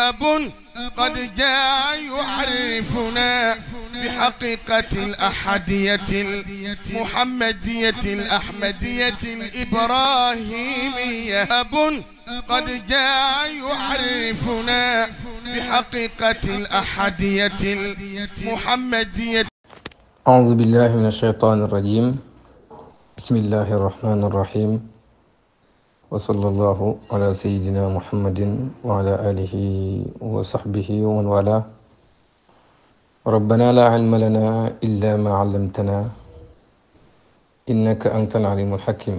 أب قد جاء يعرفنا بحقيقة الأحدية المحمدية الأحمدية الإبراهيمية أب قد جاء يعرفنا بحقيقة الأحدية المحمدية أعوذ بالله من الشيطان الرجيم بسم الله الرحمن الرحيم وصلى الله على سيدنا محمد وعلى آله وصحبه ومن والاه ربنا لا علم لنا إلا ما علمتنا إنك أنت العليم الحكيم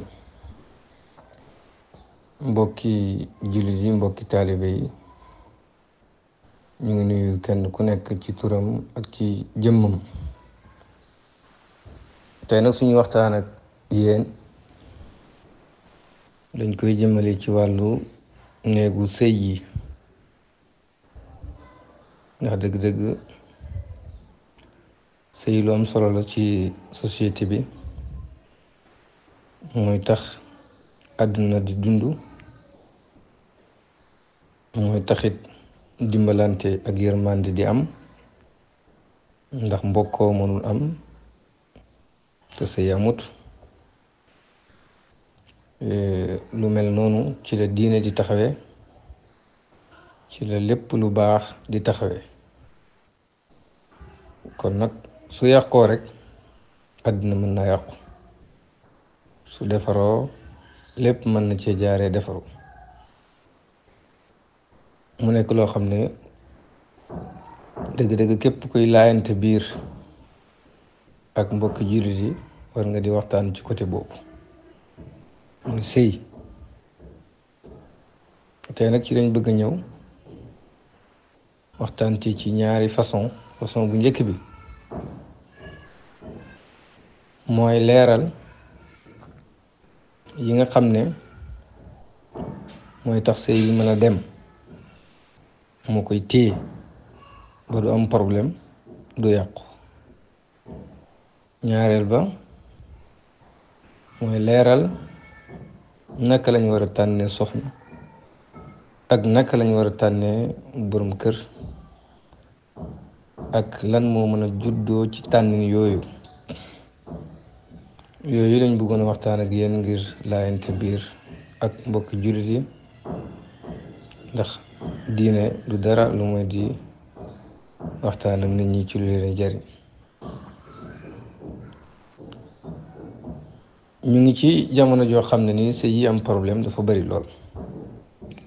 بوكي جلجي بوكي طالبي ñu ngi nuyu kenn ku جمم ci turam ak ci dañ koy jëmmalee ci wàllu néegu sëy yi ndax dëgg-dëgg sëy lu am solo ci societé bi mooy tax àdduna di dund mooy taxit dimbalante ak yërmande di am ndax mbokkoo mënul am te sëy amut Euh, lu mel noonu ci la diine di taxawe ci la lépp lu baax di taxawe kon nag su yàqoo rek àddina mën na yàqu su defaroo lépp mën na cee jaaree defaru mu nekk loo xam ne dëgg-dëgg képp kuy laayante biir ak mbokki jullit yi war nga di waxtaan ci côté boobu sëy te nag ci lañ bëgg a ñëw waxtaan ci ci ñaari façon façon bu njëkk bi mooy leeral yi nga xam ne mooy tax sëy bi mën a dem moo koy téye ba du am problème du yàqu ñaareel ba mooy leeral naka lañ war a tànnee soxna ak naka lañ war a tànnee borom kër ak lan moo mën a juddoo ci tànnin yooyu yooyu lañ bëggoon a waxtaan ak yéen ngir laayante biir ak mbokki jullit yi ndax diine du dara lu mooy di waxtaan ak nit ñi ci lu leen jariñ ñu ngi ci jamono joo xam ne nii sëy yi am problème dafa bari lool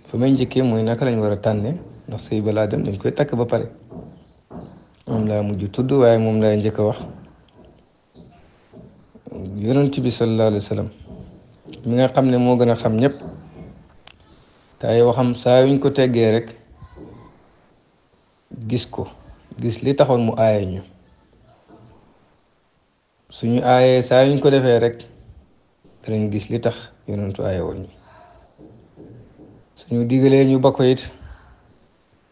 fa may njëkkee mooy naka lañu war a tànne ndax sëy balaa dem dañ koy takk ba pare moom laa mujj tudd waaye moom laa njëkk a wax yonent bi sallallahu alayhi wa mi nga xam ne moo gën a xam ñëpp te ay waxam saa yuñ ko teggee rek gis ko gis li taxoon mu aaye ñu suñu aayee saa yuñ ko defee rek danañ gis li tax yonentu aaye woon ñu diggalee ñu ba ko it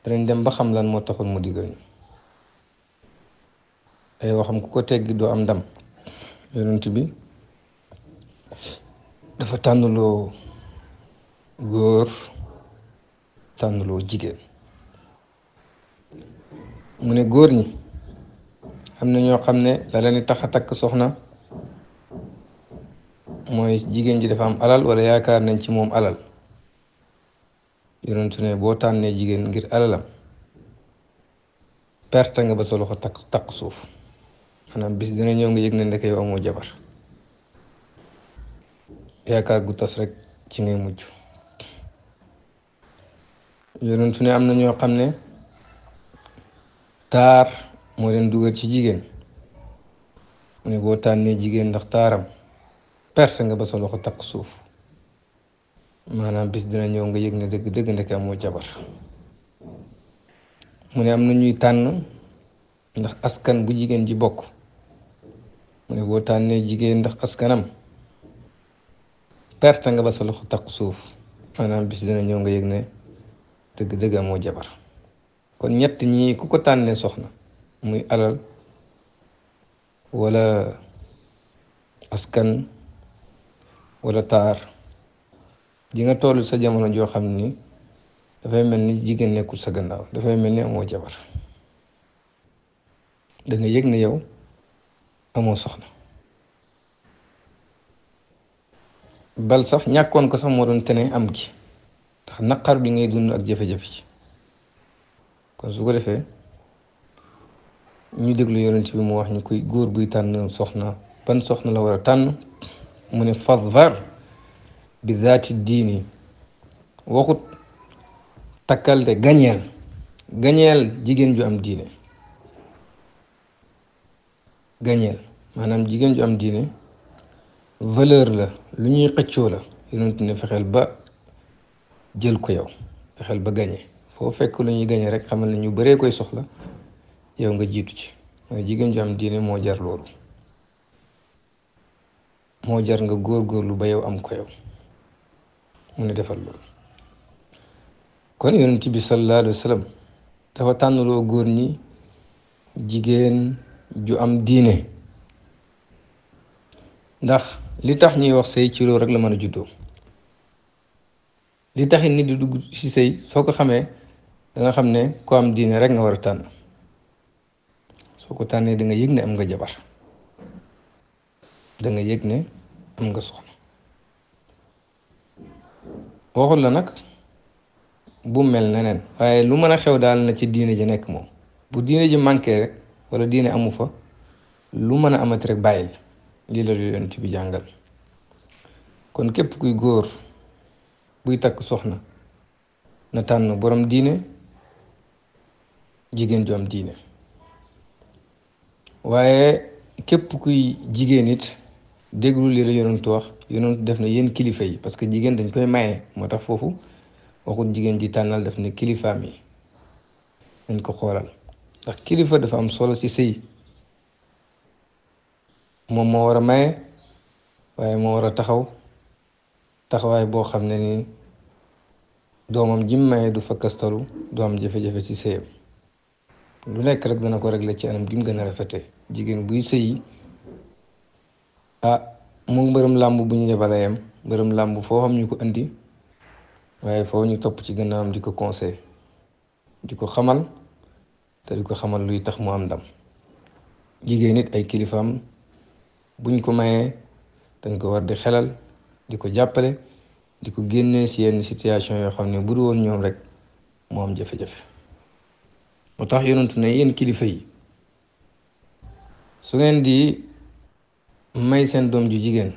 danañ dem ba xam lan moo taxoon mu digal ay waxam ku ko teggi doo am ndam yonent bi dafa tànnloo góor tànnloo jigéen mu ne góor ñi am na ñoo xam ne la leen tax a takk soxna mooy jigéen ji dafa am alal wala yaakaar nañ ci moom alal yonentu ne boo tànnee jigéen ngir alalam perte nga ba solo loxo takk takk suuf maanaam bis dina ñëw nga yëg ne ndeke yow yaakaar gu tas rek ci ngay mujj yonentu ne am na ñoo xam ne taar moo leen dugal ci jigéen mu ne boo tànnee jigéen ndax taaram perte nga ba sa loxo takk suuf maanaam bis dina ñëw nga yëg ne dëgg dëgg ndeke amoo ne am na ñuy tànn ndax askan bu jigéen ji bokk mu boo tànnee jigéen ndax askanam perte nga ba sa loxo takk suuf maanaam bis dina ñëw nga yëg ne dëgg dëgg amoo jabar kon ñett ñi ku ko tànnee soxna muy alal walla askan wala taar di nga toll sa jamono joo xam ni dafay mel ni jigéen nekkul sa gannaaw dafay mel ni amoo jabar da nga yëg ne yow amoo soxna bal sax ñàkkoon ko sax moo doon tene am gi ndax naqar bi ngay dund ak jafe-jafe ci kon su ko defee ñu déglu yonent bi mu wax ñu kuy góor buy tànn soxna ban soxna la war a tànn من فضفر بذات الدين وخط تكال دي غنيال غنيال جيجن جو ام دين غنيال مانام جيجن جو ام دين فالور لا لو ني خيو لا يونت ني فخال با جيل كو يو فخال با غاني فو فك لو ني غاني رك خمال ني بري كوي سوخلا يو nga jitu ci jigen jam dine mo jar lolou moo jar nga góorgóorlu ba yow am ko yow mu ne defal loolu kon yonent bi sallallahu alayhi wa sallam dafa tànnaloo góor ñi jigéen ju am diine ndax li tax ñuy wax sëy ci loolu rek la mën a juddoo li tax nit di dugg ci sëy soo ko xamee da nga xam ne ku am diine rek nga war a tànn soo ko tànnee da nga yëg ne am nga jabar da nga yëg ne am nga soxna waxul la nag bu mel neneen waaye lu mën a xew daal na ci diine ji nekk moom bu diine ji manqué rek wala diine amu fa lu mën a amati rek bàyyil lii la yonent bi jàngal kon képp kuy góor buy takk soxna na tànn boroom diine jigéen ju diine waaye képp kuy jigéen it déglu li la yonentu wax yonentu def na yéen kilifa yi parce que jigéen dañ koy maye moo tax foofu waxut jigéen ji tànnal def na kilifaam yi dañ ko xoolal ndax kilifa dafa am solo ci sëy moom moo war a maye waaye moo war a taxaw taxawaay boo xam ne ni doomam jim maye du fa doom du am ci sëyam lu nekk rek dana ko régler ci anam gi mu gën a rafete jigéen buy sëyi ah mu mbërëm làmb bu ñu yebal a yem mbërëm làmb foo xam ñu ko indi waaye foo ñu topp ci gannaawam di ko conseil di ko xamal te di ko xamal luy tax mu am ndam jigéen it ay kilifaam buñ ko mayee dañ ko war di xelal di ko jàppale di ko génnee ci yenn situation yoo xam ne bu du woon ñoom rek mu am jafe-jafe moo tax yonentu ne yéen kilifa yi su ngeen di may seen doom ju jigéen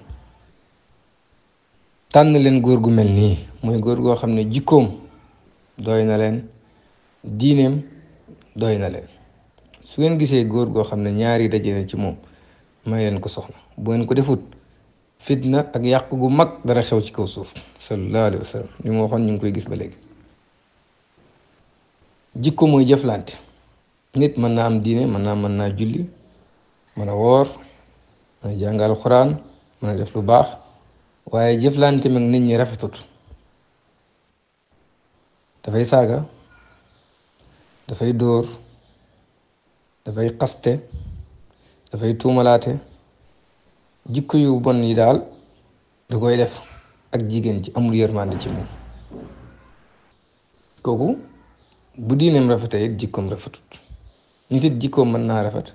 tànn leen góor gu mel nii mooy góor goo xam ne jikkoom doy na leen diineem doy na leen su ngeen gisee góor goo xam ne ñaari daje na ci moom may leen ko soxna bu ngeen ko defut fitna ak yàq gu mag dara xew ci kaw suuf sallallahu alayhi wa waxoon ñu ngi koy gis ba léegi jikko mooy jëflante nit mën naa am diine mën naa mën naa julli mën a woor mën a jàng alxuraan mën a def lu baax waaye jëflante mag nit ñi rafetut dafay saaga dafay dóor dafay xaste dafay tuumalaate jikko yu bon yi daal da koy def ak jigéen ci amul yërmande ci moom kooku bu diineem rafetee it jikkoom rafetut nit it jikkoom mën naa rafet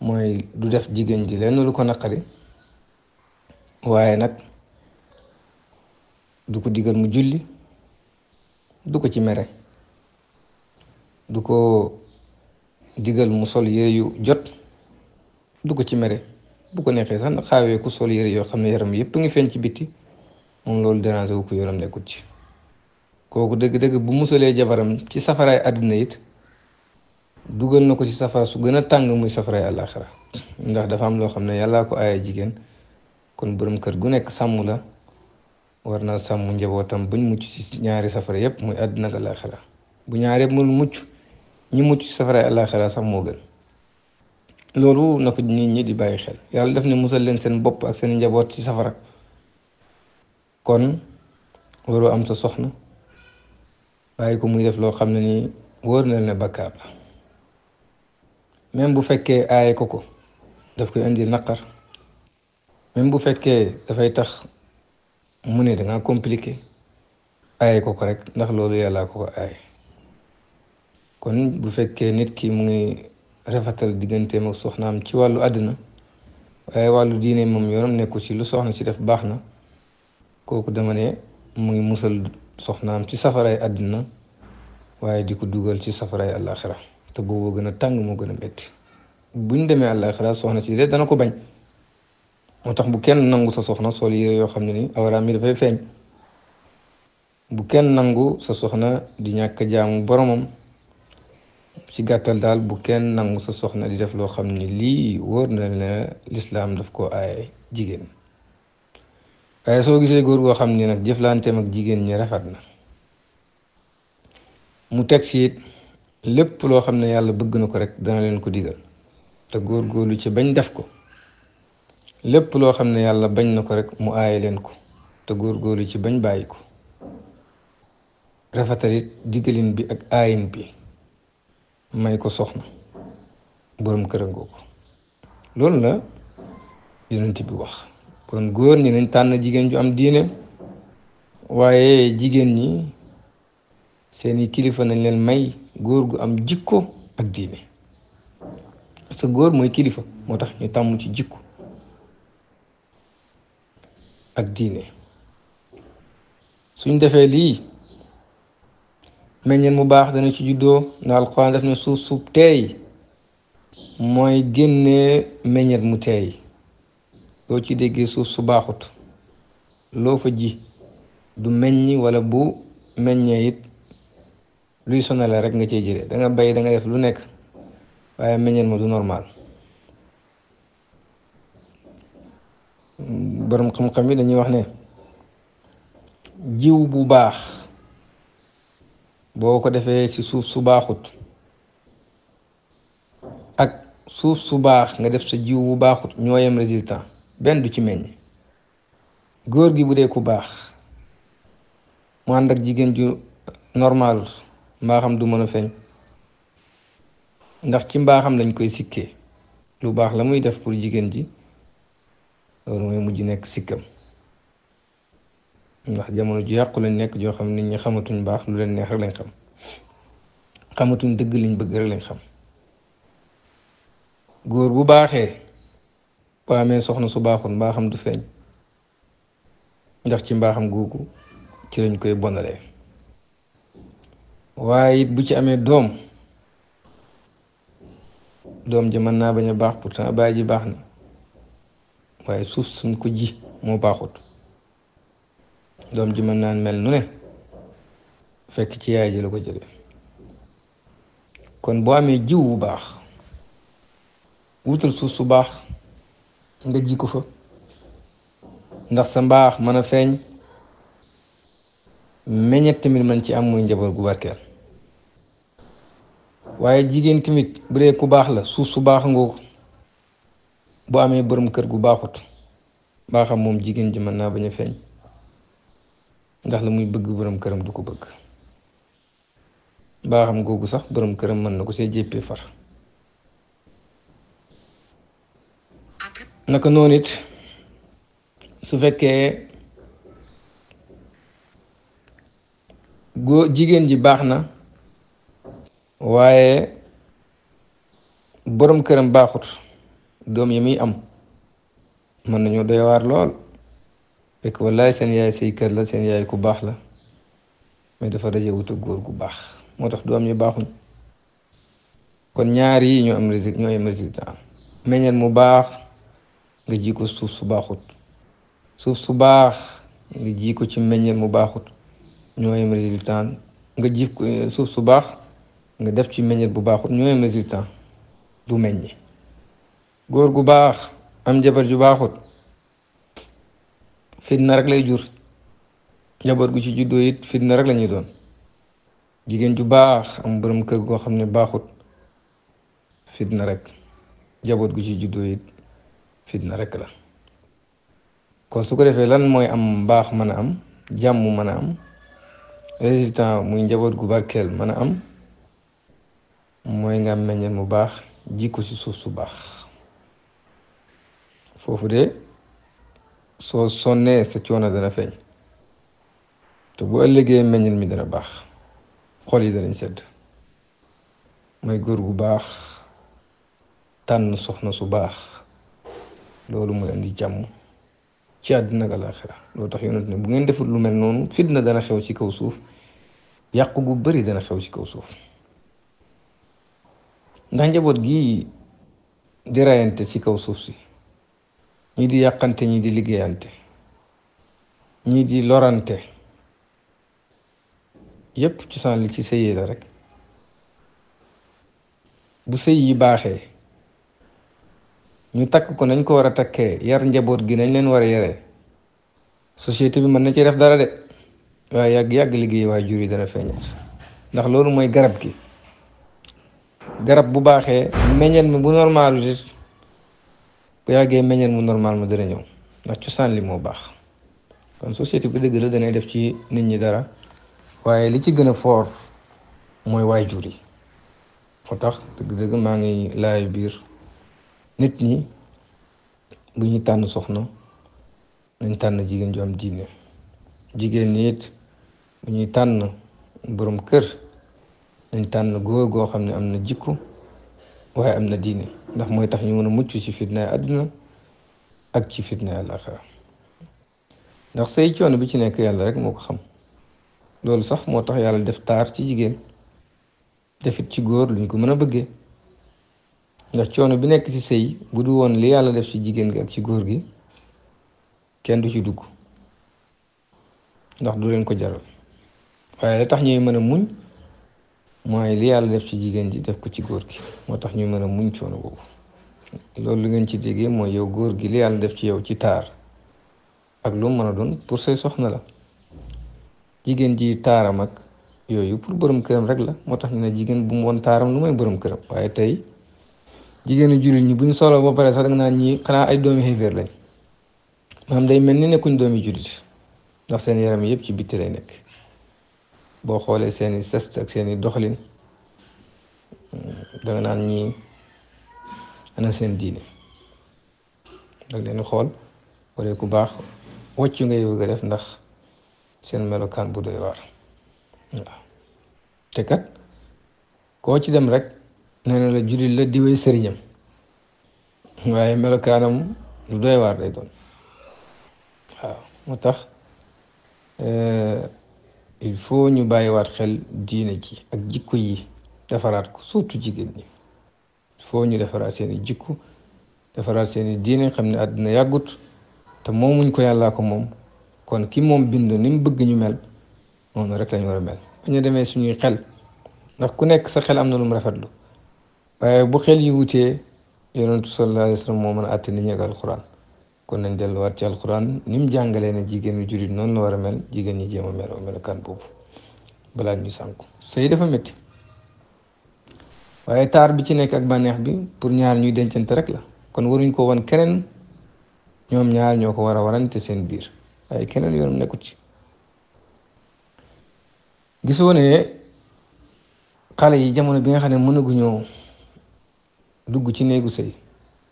mooy du def jigéen ji lenn lu ko naqari waaye nag du ko digal mu julli du ko ci mere du ko digal mu sol yére yu jot du ko ci mere bu ko neexee sax nag xaawee ku sol yére yoo xam ne yaram yëpp ngi feeñ ci bitti moom loolu déranger wu ko yoonam nekkut ci kooku dëgg-dëgg bu musalee jabaram ci safaraay àdduna it dugal na ko ci safara su gën a tàng muy safaray àllaaxira ndax dafa am loo xam ne yàllaa ko aaya jigéen kon boroom kër gu nekk sàmm la war na sàmm njabootam buñ mucc ci ñaari safara yëpp muy àddina ak àllaaxira bu ñaari yëpp mucc ñi mucc ci safaray àllaaxira sax moo gën loolu na ko nit ñi di bàyyi xel yàlla def ne musal leen seen bopp ak seen njaboot ci safara kon waroo am sa soxna bàyyi ko muy def loo xam ne nii wóor na ne bakkaar la même bu fekkee aaye ko ko daf koy indi naqar même bu fekkee dafay tax mu ne danga compliqué aaye ko ko rek ndax loolu yàllaa ko ko aaye kon bu fekkee nit ki mu ngi rafetal digganteem ak soxnaam ci wàllu àddina waaye wàllu diine moom yoonam nekku si lu soxna si def baax na kooku dama ne mu ngi musal soxnaam ci safaray àddina waaye di ko dugal ci safaray àllaaxira te booboo gën a tàng moo gën a métti buñ demee àllaaxira soxna si de dana ko bañ moo tax bu kenn nangu sa soxna sol yére yoo xam ne ni awraam yi dafay feeñ bu kenn nangu sa soxna di ñàkk jaamu boromam ci gàttal daal bu kenn nangu sa soxna di def loo xam ni lii wóor na ne lislaam daf ko aaye jigéen waaye soo gisee góor goo xam ni nag jëflanteem ak jigéen ñi rafet na mu teg si lépp loo xam ne yàlla bëgg na ko rek dana leen ko digal te góor góorlu ci bañ def ko lépp loo xam ne yàlla bañ na ko rek mu aaye leen ko te góor góorlu ci bañ bàyyi ko rafetalit digalin bi ak aayin bi may ko soxna boroom kërangoo ko loolu la yonent bi wax kon góor ñi nañ tànn jigéen ju am diine waaye jigéen ñi seeni kilifa nañ leen may góor gu am jikko ak diine parce que góor mooy kilifa moo tax ñu tàmm ci jikko ak diine suñ defee lii meññeen mu baax dana ci juddoo na alxuraan def ne suuf suuf teey mooy génnee meññeet mu teey loo ci déggee suuf su baaxut loo fa ji du meññ walla bu meññee it luy sonale rek nga cey jire da nga bay da nga def lu nek waye meñen mo du normal borom xam-xam yi dañuy wax ne jiw bu baax boko defé ci suuf su baxut ak suuf su bax nga def sa jiw bu baxut ñoyam résultat ben du ci meñ gor gi bu ku bax mo ànd ak ju normal mbaaxam du mën a feeñ ndax ci mbaaxam lañ koy sikkee lu baax la muy def pour jigéen ji loolu mooy mujj nekk sikkam ndax jamono ju yàqu lañ nekk joo xam nit ñi xamatuñ baax lu leen neex rek lañ xam xamatuñ dëgg liñ bëgg rek lañ xam góor bu baaxee boo amee soxna su baaxul mbaaxam du feeñ ndax ci mbaaxam googu ci lañ koy bonalee waaye it bu ci amee doom doom ji mën naa bañ a baax pourtant baay ji baax na waaye suuf suñ ko ji moo baaxut doom ji mën naan mel nu ne fekk ci yaay ji la ko jële kon boo amee jiw bu baax wutal suuf su baax nga ji ko fa ndax sa mbaax mën a feeñ meññet tamit man ci am muy njaboot gu barkeel waaye jigéen tamit bu dee ku baax la suuf su baax ngoo bu amee borom kër gu baaxut baaxam moom jigéen ji mën naa bañ a feeñ ndax la muy bëgg borom këram du ko bëgg baaxam googu sax borom këram mën na ko see jéppee far naka noon it su fekkee góor jigéen ji baax na waaye boroom këram baaxut doom yi muy am mën nañoo doy waar lool fekk wallaay seen yaay kër la seen yaay ku baax la mais dafa daje wutu góor gu baax moo tax doom yi baaxuñ kon ñaari yi ñoo am ñoo am résultat meññal mu baax nga ji ko suuf su baaxut suuf su baax nga ji ko ci meññal mu baaxut ñoo am résultat nga ji ko suuf su baax nga def ci meññeet bu baaxut ñooy résultat du meññ góor gu baax am jabar ju baaxut fitna rek lay jur njaboot gu ci juddoo it fitna rek lañuy doon jigéen ju baax am borom kër goo xam ne baaxut fitna rek jaboot gu ci juddoo it fitna rek la kon su ko defee lan mooy am mbaax mën a am jàmm mën a am résultat muy njaboot gu barkeel mën a am mooy nga am meññeen mu baax ji ci suuf su baax foofu de soo sonnee sa coono dana feeñ te bu ëllëgee meññeen mi dana baax xol yi danañ sedd mooy góor gu baax tànn soxna su baax loolu mooy indi jàmm ci àddina ak alaaxira loolu tax yonent ne bu ngeen defut lu mel noonu fitna dana xew ci kaw suuf yàq gu bari dana xew ci kaw suuf ndax njaboot gii di rayante ci kaw suuf si ñii di yàqante ñii di liggéeyante ñii di lorante yépp ci cosaan li ci sëyee la rek bu sëy yi baaxee ñu takk ko nañ ko war a takkee yar njaboot gi nañ leen war a yaree société bi mën na ci def dara de waaye yàgg-yàgg liggéey waa jur yi dana feeñat ndax loolu mooy garab gi garab bu baaxee meññeen mi bu normal bu yàggee meññeen mu normal ma dana ñëw ndax cosaan li moo baax kon société bu dëgg la danay def ci nit ñi dara waaye li ci gën a foor mooy waajur yi moo tax dëgg-dëgg maa ngi laay biir nit ñi bu ñu tànn soxna nañ tànn jigéen ju am diine jigéen ñi it bu ñuy tànn boroom kër dañ tànn góor goo xam ne am na jikko waaye am na diine ndax mooy tax ñu mën a mucc ci fitnaay àdduna ak ci fitnaay àllaaxira ndax sëy coono bi ci nekk yàlla rek moo ko xam loolu sax moo tax yàlla def taar ci jigéen defit ci góor luñ ko mën a bëggee ndax coono bi nekk ci sëy bu du woon li yàlla def ci jigéen gi ak ci góor gi kenn du ci dugg ndax du leen ko jaral waaye la tax ñuy mën a muñ mooy li yàlla def ci jigéen ji def ko ci góor gi moo tax ñu mën a muñ coono boobu loolu li ngeen ci déggee mooy yow góor gi li yàlla def ci yow ci taar ak lu mën a doon pour say soxna la jigéen ji taaram ak yooyu pour borom këram rek la moo tax ñu ne jigéen bu mu woon taaram lu may borom këram waaye tey jigéenu jullit ñi bu ñu solo ba pare sax da nga naan ñi xanaa ay doomi xéeféer lañ maanaam day mel ni nekkuñ doomi jullit ndax seen yaram yëpp ci bitti lay nekk. boo xoolee seeni sest ak seeni doxalin mm, danga naan ñii ana seen diine dag leen xool wala ku baax wocc nga bëgg a def ndax seen melokaan bu doy waar waaw kat koo ci dem rek nee na la la diwee sëriñam waaye melokaanam lu doy waar doon waaw moo tax euh, il faut ñu bàyyiwaat xel diine ji ak jikko yi defaraat ko surtout jigéen ñi il ñu defaraat seeni jikko defaraat seeni diine xam ne àdduna yàggut te moom moomuñ ko yàllaa ko moom kon ki moom bind ni mu bëgg ñu mel noonu rek lañ war a mel ba ñu demee suñuy xel ndax ku nekk sa xel am na lu mu rafetlu waaye bu xel yi wutee yonentu sallallahu alayhi wa sallam moo mën a àtte nit ñi ak alxuraan kon nañ delluwaat ci alquran ni mu jàngalee ne jigéen ñi jurit noonu la war a mel jigéen ñi jéem a mel melokaan boobu balaa ñu sànku sëy dafa metti waaye taar bi ci nekk ak bànneex bi pour ñaar ñuy dencante rek la kon waruñ koo wan keneen ñoom ñaar ñoo ko war a warante seen biir waaye keneen yoonam nekkut ci gisoo ne xale yi jamono bi nga xam ne mënaguñoo dugg ci néegu sëy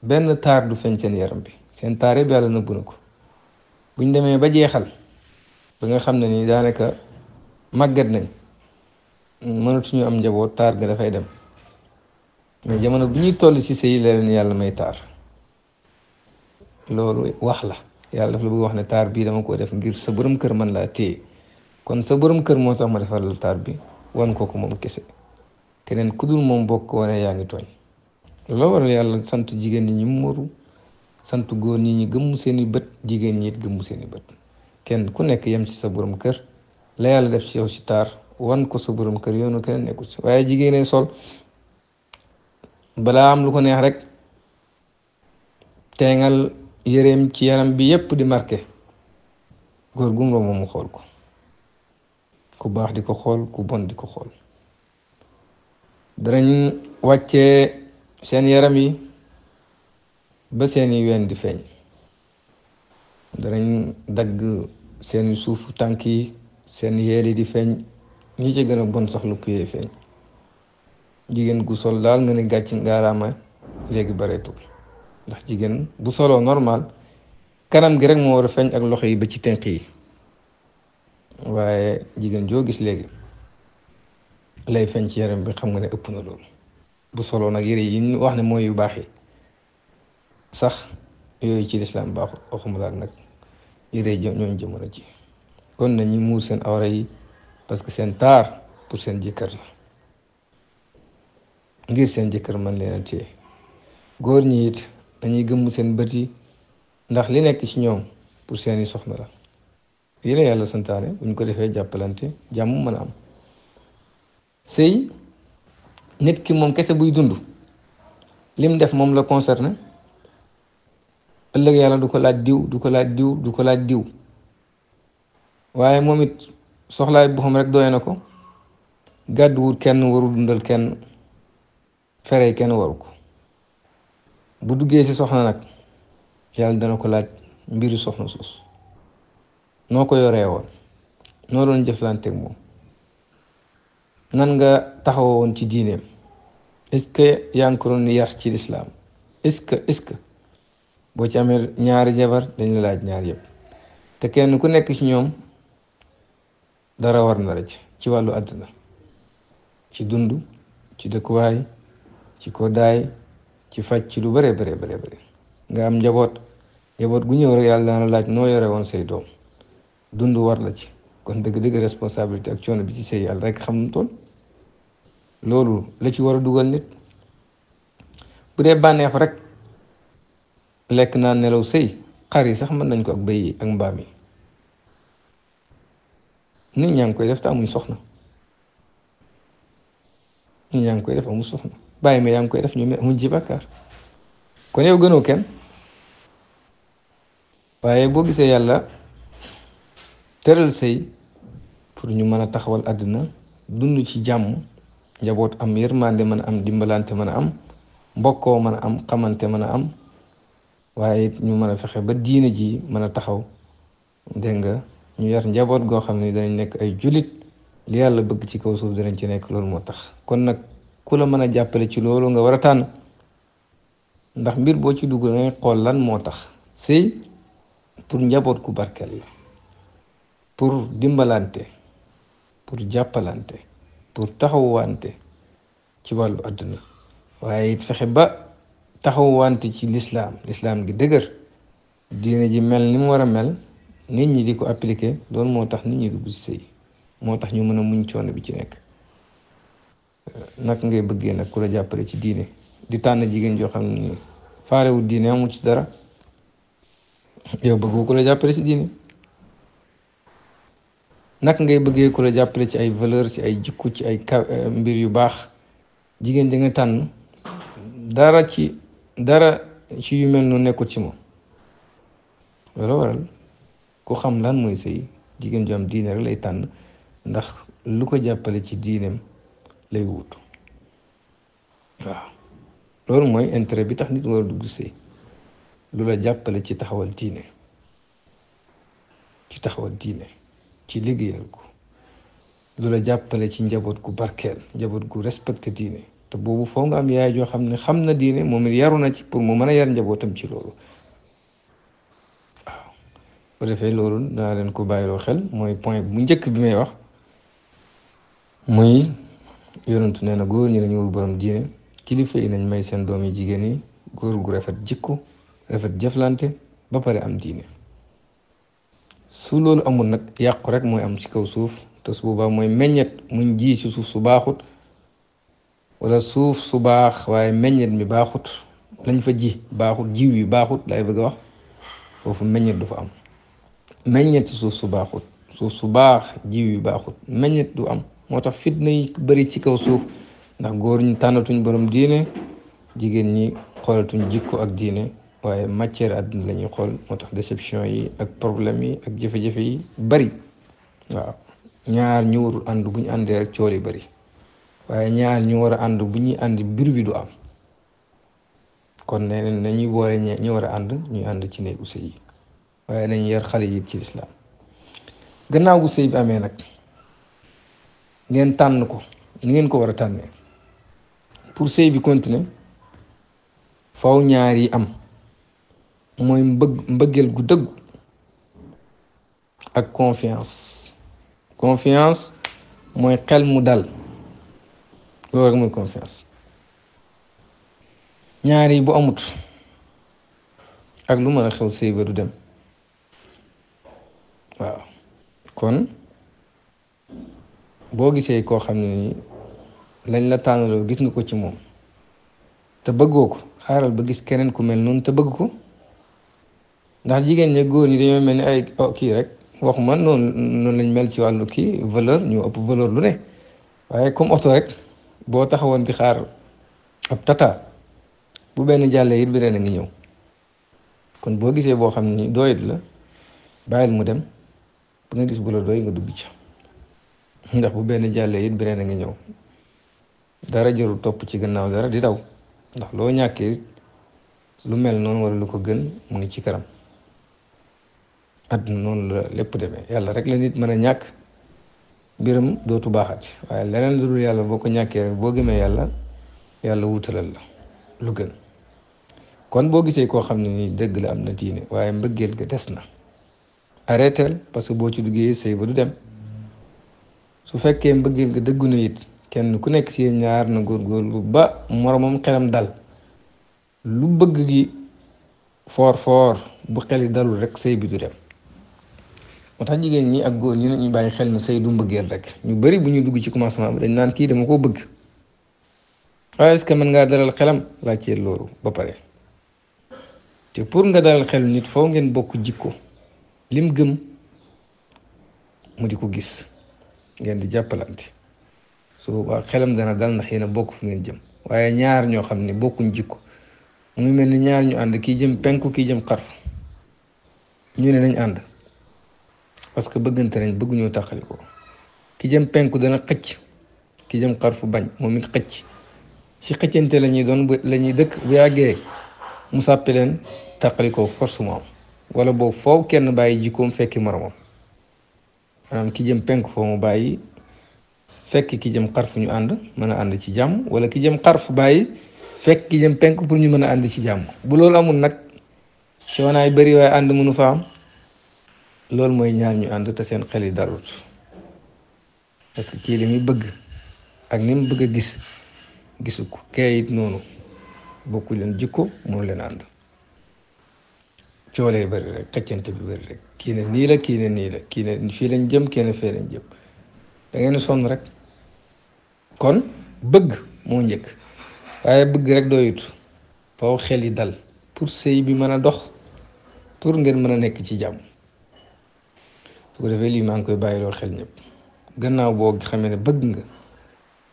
benn taar du feeñ seen yaram bi seen taarib yàlla nëbb na ko buñ demee ba jeexal ba nga xam ne nii daanaka màggat nañ mënatuñu am njaboot taar ga dafay dem mais jamono bu ñuy toll ci sëy la leen yàlla may taar loolu wax la yàlla daf la bëgg wax ne taar bii dama koo def ngir sa borom kër man laa téye kon sa borom kër moo tax ma defal la taar bi wan ko ko moom kese keneen ku dul moom bokk wane yaa ngi tooñ loo waral yàlla sant jigéen ñi ñu muuru sant góor ñi ñi gëmm seeni bët jigéen ñi it gëmm seeni bët kenn ku nekk yem ci sa borom kër la yàlla def ci yow ci taar wan ko sa borom kër yoonu keneen nekkul ci waaye jigéen sol balaa am lu ko neex rek teengal yëreem ci yaram bi yépp di marqué góor gum romb xool ko ku baax di ko xool ku bon di ko xool danañ wàccee seen yaram yi ba seeni ween di feeñ danañ dagg seen suufu tànk yi seen yeel di feeñ ñi ci gën a bon sax lu puyee feeñ jigéen gu sol daal nga ne gàcc ngaaraama léegi bareetul ndax jigéen bu soloo normal kanam gi rek moo war a feeñ ak loxo yi ba ci tënk yi waaye jigéen joo gis léegi lay feeñ ci yaram bi xam nga ne ëpp na loolu bu soloo nag yére yi wax ne mooy yu baax yi sax yooyu ci lislaam baax waxumalaat nag yëree jë ñooñ jëmono ci kon nañu muur seen awra yi parce que seen taar pour seen jëkkër la ngir seen jëkkër man leen a góor ñi it dañuy gëmm seen bët yi ndax li nekk ci ñoom pour seeni soxna la lii la yàlla santaane buñ ko defee jàppalante jàmm mën a am sëy nit ki moom kese buy dund lim def moom la concerné ëllëg yàlla du ko laaj diw du ko laaj diw du ko laaj diw waaye moom it soxlaay boppam rek doy na ko gàddu wut kenn waru dundal kenn ferey kenn waru ko bu duggee ci soxna nag yàlla dana ko laaj mbiru soxna suus noo ko yoree woon noo doon jëflanteeg moom nan nga taxawoon ci diineem est-ce que yaa ngi ko doon yar ci lislaam est-ce que est-ce que boo ci amee ñaari jabar dañ la laaj ñaar yëpp te kenn ku nekk ci ñoom dara war na la ci ci wàllu àdduna ci dund ci dëkkuwaay ci koddaay ci faj ci lu bare bare bare nga am njaboot njaboot gu ñëw rek yàlla dana laaj noo yore woon say doom dund war la ci kon dëgg-dëgg responsabilité ak coono bi ci say yàlla rek xam tool loolu la ci war a dugal nit bu dee bànneex rek lekk naa nelaw sëy xar yi sax mën nañ ko ak bëy ak mbaam yi nit ñaa ngi koy def te amuñ soxna nit ñaa ngi koy def amuñ soxna bàyyi ma yaa ngi koy def ñu amuñ ci bàkkaar kon yow gënoo waaye boo gisee yàlla tëral sëy pour ñu mën a taxawal àddina dund ci jàmm njaboot am yërmande mën a am dimbalante mën a am mbokkoo mën a am xamante mën a am waaye it ñu mën a fexe ba diine ji mën a taxaw dégg nga ñu yar njaboot goo xam ne danañ nekk ay jullit li yàlla bëgg ci kaw suuf danañ ci nekk loolu moo tax kon nag ku la mën a jàppale ci loolu nga war a tànn ndax mbir boo ci dugg dangay xool lan moo tax sëy pour njaboot ku barkeel la pour dimbalante pour jàppalante pour taxawante ci wàllu àdduna waaye it fexe ba taxaw wante ci l'islam l'islam gi dëgër diine ji mel ni mu war mel nit ñi di ko appliquer doon moo tax nit ñi dugg si sëy moo tax ñu mën a muñ coono bi ci nekk nak ngay bëggee nag ku la jàppale ci diine di tànn jigéen joo xam ne faarewu diine amul ci dara yow bëggoo ku la jàppale ci diine nak ngay bëggee ku la jàppale ci ay valeur ci ay jikku ci ay mbir yu baax jigéen di nga tànn dara ci dara ci yu mel noonu nekkut ci moom loolu waral ku xam lan mooy sëy jigéen ju am diine rek lay tànn ndax lu ko jàppale ci diineem lay wut waaw loolu mooy intérêt bi tax nit war a dugg sëy lu la jàppale ci taxawal diine ci taxawal diine ci liggéeyal ko lu la jàppale ci njaboot gu barkeel njaboot gu respecte diine te boobu foo nga am yaay joo xam ne xam na diine moom it yaru na ci pour mu mën a yar njabootam ci loolu waaw bu defee loolu danaa leen ko bàyyiloo xel mooy point bu njëkk bi may wax muy yonentu nee na góor ñi dañu wul borom diine kilifa yi nañ may seen doom yi jigéen yi góor gu rafet jikko rafet jëflante ba pare am diine su loolu amul nag yàqu rek mooy am ci kaw suuf te su mooy meññet muñ ji ci suuf su baaxut wala suuf su baax waaye meññet mi baaxut lañ fa ji baaxut jiw yi baaxut lay bëgg wax foofu meññet du fa am meññet suuf su baaxut suuf su baax jiw yi baaxut meññet du am moo tax fitna yi bari ci kaw suuf ndax góor ñi tànnatuñ borom diine jigéen ñi xoolatuñ jikko ak diine waaye matière àddina lañuy ñuy xool moo tax déception yi ak problème yi ak jafe-jafe yi bari waaw ñaar ñu warul ànd bu ñu àndee rek cool yi bari waaye ñaar ñu war a ànd bu ñuy ànd biir bi du am kon nee nañ nañuy boole ñu war a ànd ñuy ànd ci néegu sëy yi waaye nañ yar xale yi ci lislaam gannaaw gu sëy bi amee nag ngeen tànn ko ni ngeen ko war a tànnee pour sëy bi continuer faw ñaar yi am mooy mbëgg mbëggeel gu dëggu ak confiance confiance mooy xel mu dal loolu rek mooy confiance ñaari bu amut ak lu mën a xew sëy ba du dem waaw kon boo gisee koo xam ne nii lañ la tànnaloo gis nga ko ci moom te bëggoo ko xaaral ba gis keneen ku mel noonu te bëgg ko ndax jigéen ñi góor ñi dañoo mel ni ay oh, kii rek waxuma noonu noonu lañ mel ci wàllu ki valeur ñu ëpp valeur lu ne waaye comme oto rek boo taxawoon di xaar ab tata bu benn jàllee it beneen a ngi ñëw kon boo gisee boo xam ni doyit la bàyyil mu dem bu nga gis bu la doy nga dugg ca ndax bu benn jàllee it beneen a ngi ñëw dara jarul topp ci gannaaw dara di daw ndax loo ñàkkee it lu mel noonu wala lu ko gën mu ngi ci kanam àdduna noonu la lépp demee yàlla rek la nit mën a ñàkk biram dootu baaxati waaye leneen lu dul yàlla boo ko ñàkkee boo gëmee yàlla yàlla wutalal la lu gën kon boo gisee koo xam ne nii dëgg la am na diine waaye mbëggeel ga des na arrêteel parce que boo ci duggee sëy ba du dem su fekkee mbëggeel ga dëggu na it kenn ku nekk si ñaar na góor góor góorgóorlu ba moroomam xelam dal lu bëgg gi foor foor bu xeli dalul rek sëy bi du dem moo tax jigéen ñi ak góor ñi bàyyi xel na sëy du mbëggeel ñu bëri bu ñu dugg ci commencement bi dañ naan kii dama koo bëgg waaye ngaa dalal xelam laajteel loolu ba pare te pour nga dalal xel nit foo ngeen bokk jikko lim gëm mu di ko gis ngeen di jàppalante su xelam dana dal ndax yéen bokk fu ngeen jëm waaye ñaar ñoo xam ne bokkuñ jikko mu ngi mel ni ñaar ñu ànd kii jëm penku kii jëm xarf ñu ne nañ ànd parce que bëggante nañ bëgguñoo tàqali ko ki jëm penku dana xëcc ki jëm xarfu bañ moom it xëcc si xëccante lañuy ñuy doon la ñuy dëkk bu yàggee mu sàppi leen tàqali ko force mu wala boobu foofu kenn bàyyi jikkoom fekki moroomam maanaam ki jëm penku foo mu bàyyi fekk ki jëm xarfu ñu ànd mën a ànd ci jàmm wala ki jëm xarfu bàyyi fekk ki jëm penku pour ñu mën a ànd ci jàmm bu loolu amul nag coonaay bëri waaye ànd mënu fa loolu mooy ñaar ñu ànd te seen xel yi darut parce que kii li muy bëgg ak ni mu bëgg a gis gisu ko kee it noonu bokku leen jikko mënu leen ànd coolee bari rek xëccante bi bëri rek kii ne nii la kii ne nii la kii ne fii lañ jëm kii ne fee lañ jëm da sonn rek kon bëgg moo njëkk waaye bëgg rek doyut faw xel yi dal pour sëy bi mën a dox pour ngeen mën a nekk ci jàmm su ko defee lii maa ngi koy bàyyiloo xel ñëpp gannaaw boo xamee ne bëgg nga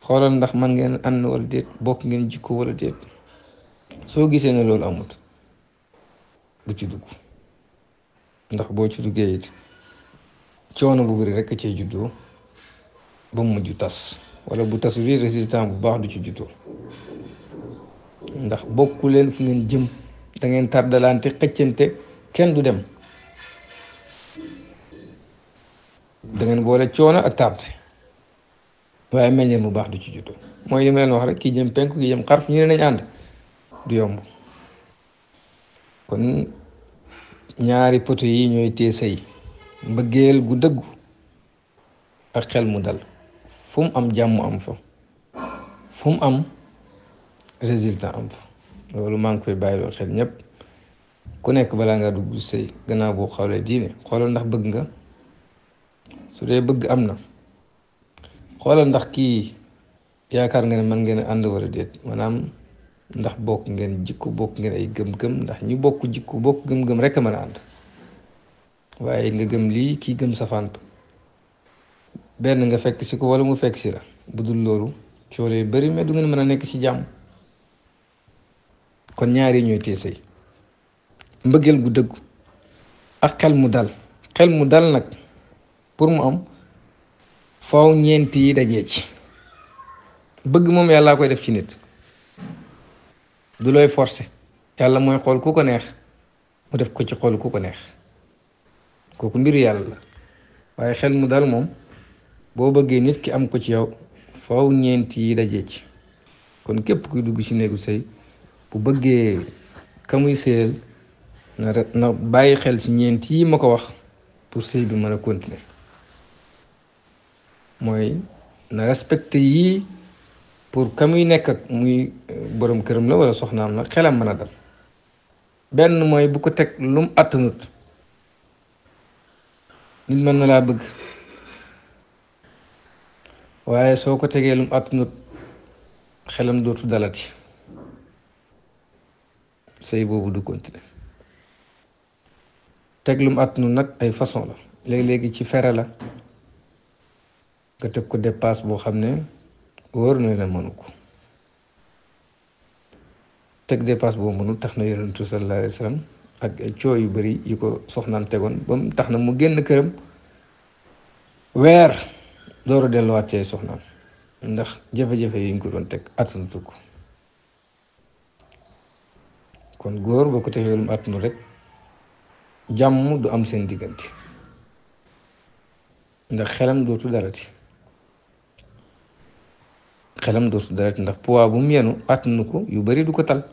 xoolal ndax man ngeen ànd wala déet bokk ngeen jikko wala déet soo gisee ne loolu amut bu ci dugg ndax boo ci duggee it coono bu bëri rekk cee juddoo ba mu mujj tas wala bu tasu bi résultat bu baax du ci juddoo ndax bokku leen fu ngeen jëm da ngeen tardalante xëccante kenn du dem da ngeen boole coono ak tardé waaye meññeen bu baax du ci juddoo mooy li ma leen wax rek kii jëm penku kii jëm xarf ñu ne nañ ànd du yomb kon ñaari poto yi ñooy téye sëy mbëggeel gu dëggu ak xel mu dal fu am jàmm am fa fu am résultat am fa loolu maa ngi koy bàyyiloo xel ñëpp ku nekk balaa ngaa dugg sëy gannaaw boo xawlee diine xoolal ndax bëgg nga su bëgg am na xoolal ndax kii yaakaar nga ne man ngeen ànd wala déet maanaam ndax bokk ngeen jikko bokk ngeen ay gëm-gëm ndax ñu bokk jikko bokk gëm-gëm rek a mën a ànd waaye nga gëm lii kii gëm sa ba benn nga fekk si ko wala mu fekk si la bu dul loolu bari mais du ngeen mën nekk ci jàmm kon ñaari ñooy tee mbëggeel gu dëggu ak xel mu dal xel mu dal nag pour mu am faw ñeent yi dajee ci bëgg moom yàllaa koy def ci nit du looy forcer yàlla mooy xool ku ko neex mu def ko ci xool ku ko neex kooku mbiru yàlla la waaye xel mu dal moom boo bëggee nit ki am ko ci yow faw ñeent yi dajee ci kon képp kuy dugg ci néegu sëy bu bëggee ka muy sëyal na bàyyi xel ci ñeent yi ma ko wax pour sëy bi mën a continuer mooy na respecté yii pour ka muy nekk ak muy borom këram la wala soxnaam la xelam mën a dal benn mooy bu ko teg lum attanut nit mën na laa bëgg waaye soo ko tegee lum attanut xelam dootu dalati sëy boobu du continuer teg lum attanut nag ay façon la léeg-léegi ci fere la nga teg ko dépasse boo xam ne wóor na la mënu ko teg dépasse boo mënul tax na yonentu sallallahu alayhi wa sallam ak coow yu bari yu ko soxnaam tegoon ba mu tax na mu génn këram weer door delluwaat ci soxnaam ndax jafe-jafe yi ñu ko doon teg attanatu ko kon góor boo ko tegee lu mu rek jàmm du am seen diggante ndax xelam dootu darati xelam dootu dara ndax pois bu mu yenu àttanu ko yu bari du ko tal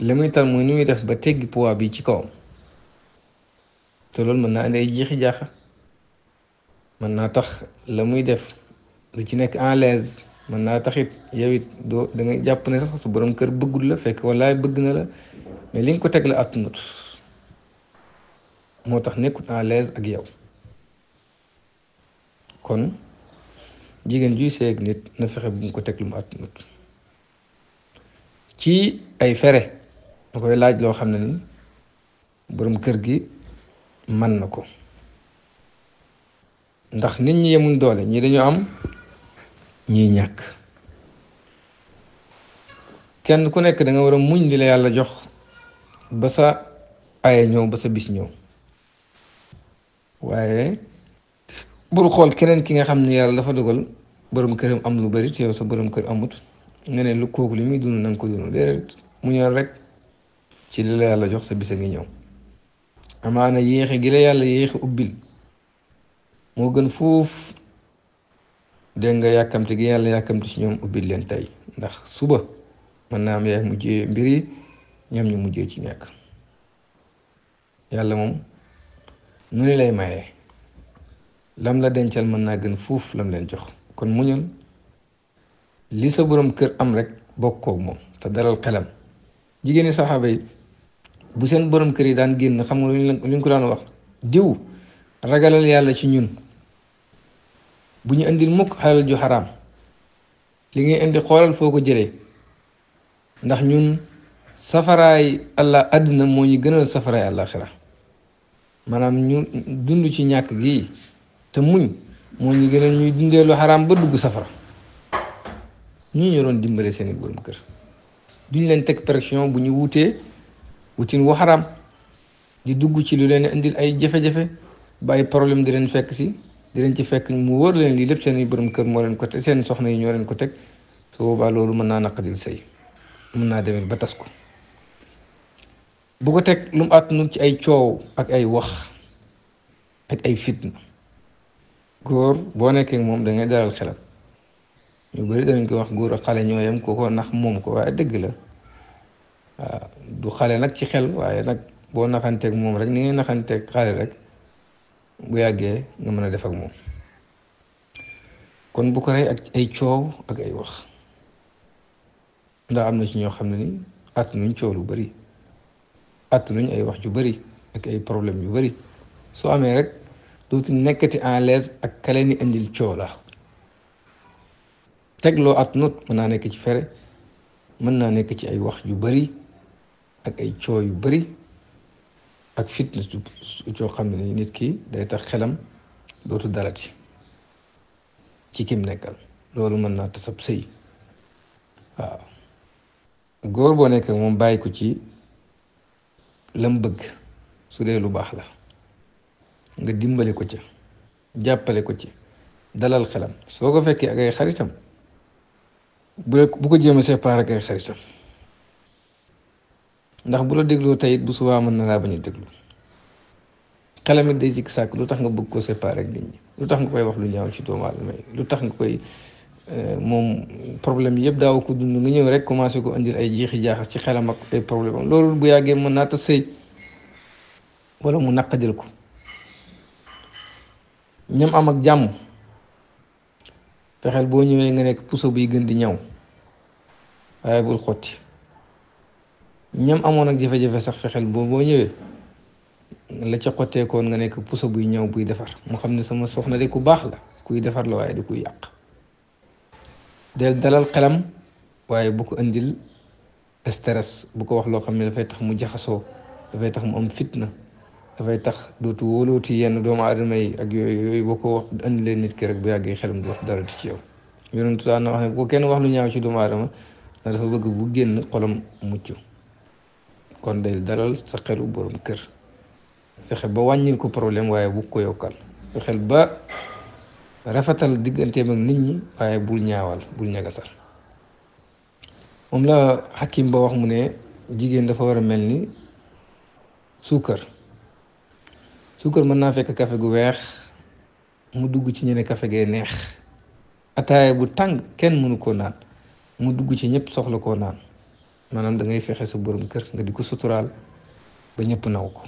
li muy tal mooy ni muy def ba teggi pois bi ci kawam te loolu mën naa andi ay jeexi jaaxa mën naa tax la muy def lu ci nekk en l'aise mën naa taxit yow it doo da jàpp ne sax su borom kër bëggul la fekk walaay bëgg na la mais li nga ko teg la àttanut moo tax nekkut en l'aise ak yow kon. jigéen juy seeg nit na fexe bu mu ko teg lu mu àttanut ci ay fere na koy laaj loo xam ne ni boroom kër gi man na ko ndax nit ñi yemuñ doole ñii dañu am ñiy ñàkk kenn ku nekk danga war a muñ li la yàlla jox ba sa aye ñëw ba sa bis ñëw waaye bul xool keneen ki nga xam ne yàlla dafa dogal borom këram am lu bari te yow sa borom kër amut nga ne lu kooku li muy dund na nga ko yónn déedéet mu ñëw rek ci li la yàlla jox sa bisa ngi ñëw amaana yéexi gi la yàlla yéexi ubbil moo gën foofu de nga yàkkamti gi yàlla yàkkamti ci ñoom ubbil leen tey ndax suba mën naa am yaay mujjee mbir yi ñoom ñu mujjee ci nekk yàlla moom nu ni lay mayee lam la dencal mën naa gën foofu lam leen jox kon muñal li sa borom kër am rek bokk koog moom te daral xelam jigéeni saxaaba yi bu seen borom kër yi daan génn xam nga lu ñu ko daan wax diw ragalal yàlla ci ñun bu ñu indil mukk xalal ju xaraam li ngay indi xoolal foo ko jëlee ndax ñun safaraay allah àddina moo ñu gënal safaraay àllaaxira maanaam ñu dund ci ñàkk gi te muñ moo ñu a ñuy dundee lu xaraam ba dugg safara ñii ñoo doon dimbale seeni i borom kër duñ leen teg pression bu ñu wutee wutin wu xaraam di dugg ci lu leen indil ay jafe-jafe ba ay problème di leen fekk si di leen ci fekk mu wóor leen lii lépp seen i borom kër moo leen ko te seen soxna yi ñoo leen ko teg su boobaa loolu mën naa naqadil sëy mën naa demee ba tas ko bu ko teg lu mu àttanul ci ay coow ak ay wax ak ay fitna. góor boo nekkee moom dangay ngay dalal ñu bari danañ koy wax góor ak xale ñoo yem ko ko nax moom ko waaye dëgg la waaw du xale nag ci xel waaye nag boo naxanteek moom rek ni ngay naxanteeg xale rek bu yàggee nga mën a def ak moom kon bu ko rey ak ay coow ak ay wax ndax am na ci ñoo xam ne ni att nuñ coow lu bari att nuñ ay wax ju bëri ak ay problème yu bari soo amee rek dootuñ nekkati en l'aise ak kale ni indil coola tegloo at not mën naa nekk ci fere mën naa nekk ci ay wax yu bari ak ay coo yu bari ak fitna coo xam ne nit ki day tax xelam dootu dalati ci kim nekkal loolu mën naa tasab sëy waaw góor boo nekk moom bàyyi ko ci lam bëgg su dee lu baax la nga dimbali ko ca jàppale ko ci dalal xelam soo ko fekkee ak ay xaritam bu bu ko jéem a séparé ak ay xaritam ndax bu la dégloo tey it bu subaa mën na laa bañ a déglu xelam it day jig sàkk lu tax nga bëgg ko séparé ak nit ñi lu tax nga koy wax lu ñaaw ci doomu aadama yi lu tax nga koy euh, moom problème yëpp daaw ko dund nga ñëw rek commencé ko indil ay jiixi jaaxas ci xelam ak ay problème am loolu bu yàggee mën naa tas sëy wala mu naqadil ko ñam am ak jàmm fexeel boo ñëwee nga nekk puso buy gën di ñaw waaye bul xotti ñam amoon ak jafe-jafe sax fexeel boo boo ñëwee la ca xotteekoon nga nekk puso buy ñaw buy defar mu xam ne sama soxna de ku baax la kuy defar la waaye du kuy yàq del dalal xelam waaye bu ko indil stress bu ko wax loo xam ne dafay tax mu jaxasoo dafay tax mu am na dafay tax dootu wóolooti yenn doomu aadama yi ak yooyu yooyu boo ko indilee nit ki rek bu yàggee xelam du wax dara di ci yaw yonentu daan na wax ne kenn wax lu ñaaw ci doomu aadama na dafa bëgg bu génn xolam mucc kon day dalal sa xelu borom kër fexe ba wàññil ko problème waaye bu ko yokkal fexel ba rafetal digganteem ak nit ñi waaye bul ñaawal bul ñagasal moom la xakim ba wax mu ne jigéen dafa war a mel ni suukar suukar mën naa fekk kafe gu weex mu dugg ci ñu ne kafe gee neex ataaya bu tàng kenn mënu koo naan mu dugg ci ñëpp soxla koo naan maanaam da ngay fexe sa boroom kër nga di ko suturaal ba ñëpp naw ko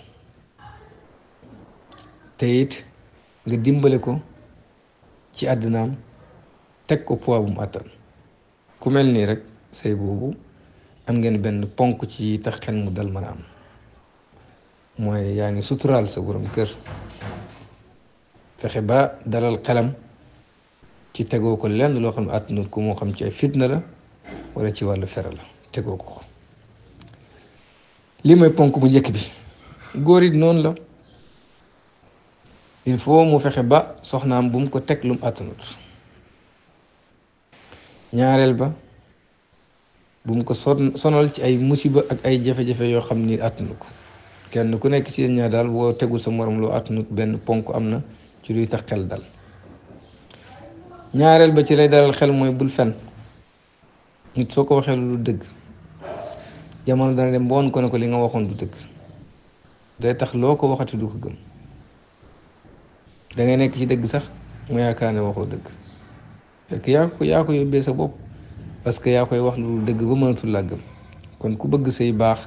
te it nga dimbali ko ci àddinaam teg ko poids bu mu àttan ku mel nii rek say boobu am ngeen benn ponk ci tax xel mu dal mën am موي يعني سترال سبورم كير فخبا دال القلم تي تگو كو لين لو خم اتنو كو مو خم تي فتنه لا ولا تي والو فر لا تگو كو لي مي بونك بو نيك بي غوريد نون لا il faut mu fexé ba soxnaam bu mu ko teg lu mu attanut ñaareel ba bu mu ko son sonal ci ay musiba ak ay jafe-jafe yoo xam ni attanu ko kenn ku nekk ci yéen ñaar daal woo tegu sa morom loo attanut benn ponk am na ci luy tax xel dal ñaareel ba ci lay dalal xel mooy bul fen nit soo ko waxee lu du dëgg jamono dana dem boon ko ne ko li nga waxoon du dëgg day tax loo ko waxati du dangay nekk ci dëgg sax mu yaakaar waxoo dëgg fekk yaa ko yaa ko que yaa koy wax lu dëgg ba mënatul laa gëm kon ku bëgg say baax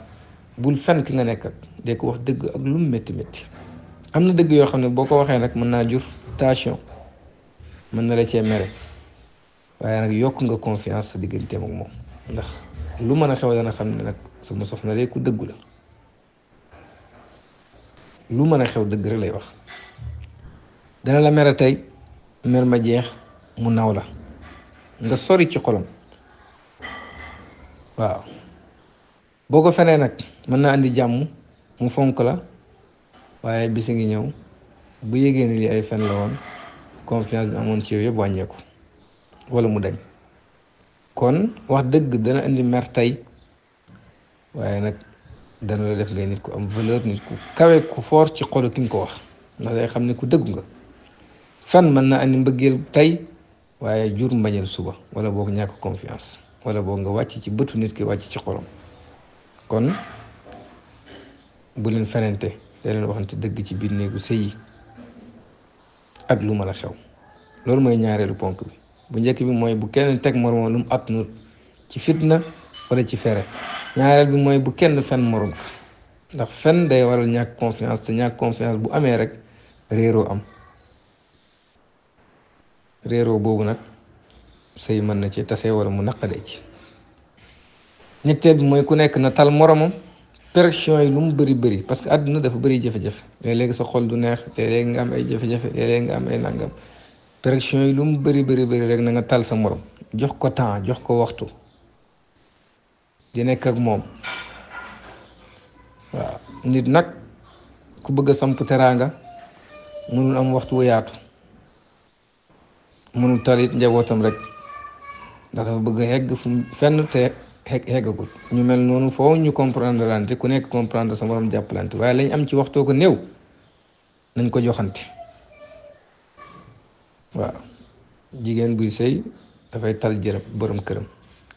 bul fen ki nga nekkat ak de ko wax dëgg ak lu mu métti métti am na dëgg yoo xam ne boo ko waxee nag mën naa jur tension mën na la cee mere waaye nag yokk nga confiance sa digganteem ak moom ndax lu mën a xew dana xam ne nag sama soxna de ku dëggu la lu mën a xew dëgg rek lay wax dana la mere tey mer ma jeex mu naw la nga sori ci xolam waaw boo ko fenee nag mën naa andi jàmm mu fonk la waaye bisi ngi ñëw bu yégée ni ay fen la woon confiance bi amoon ci yow yëpp wàññeeku wala mu dañ kon wax dëgg dana indi mer tey waaye nag dana la def ngay nit ku am valeur nit ku kawe ku foor ci xolu ki nga ko wax ndax day xam ne ku dëggu nga fen mën na andi mbëggeel tey waaye jur mbañeel suba wala boog ñàkk confiance wala boo nga wàcc ci bëtu nit ki wàcc ci xolam kon bu leen fenente da leen waxante dëgg ci biir néegu sëy yi ak lu ma la xew loolu mooy ñaareelu ponk bi bu njëkk bi mooy bu kenn teg moroom lu mu àttanul ci fitna walla ci fere ñaareel bi mooy bu kenn fen moroom ndax fen day waral ñàkk confiance te ñàkk confiance bu amee rek réeroo am réeroo boobu nag sëy mën na ci tase wala mu naqadee ci ñetteel bi mooy ku nekk na tal moromam pression yi lu mu bëri bari parce que àdduna dafa bëri jafe-jafe léeg-léeg sa xol du neex léeg-léeg nga am ay jafe-jafe léeg-léeg nga am ay nangam pression yi lu mu bari bëri bëri rek na nga tal sa morom jox ko temps jox ko waxtu di nekk ak moom waaw nit nag ku bëgg a samp teraanga mënul am waxtu wu yaatu mënul talit njabootam rek ndax dafa bëgg a yegg fu fenn te xeg ñu mel noonu foo ñu comprendre lante ku nekk comprendre sa morom jàppalante waaye lañ am ci waxtoo ko néew nañ ko joxante waaw jigéen buy sëy dafay tal jërëb borom këram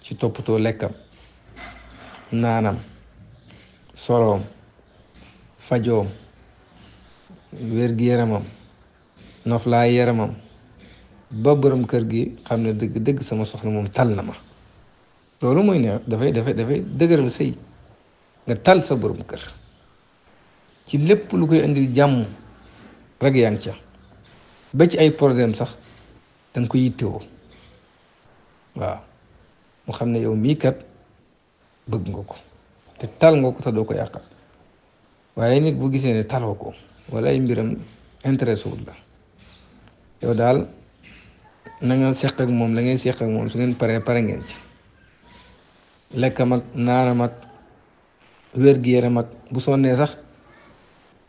ci toppatoo lekkam naanam soloom fajoom wér-gi-yaramam noflaay yaramam ba borom kër gi xam ne dëgg dëgg sama soxna moom tal na ma loolu mooy ne dafay dafay dafay dëgëral sëy nga tal sa borom kër ci lépp lu koy indil jàmm rek yaa ba ci ay problème sax danga nga ko yittewoo waaw mu xam ne yow mii kat bëgg nga ko te tal nga ko sax doo ko yàqal waaye nit boo gisee ne taloo ko wala ay mbiram intéressé wul la yow daal na nga seq ak moom la ngay seq ak moom su ngeen paree pare ngeen ci. lekkam ak naanam ak wér-gi-yaram ak bu sonnee sax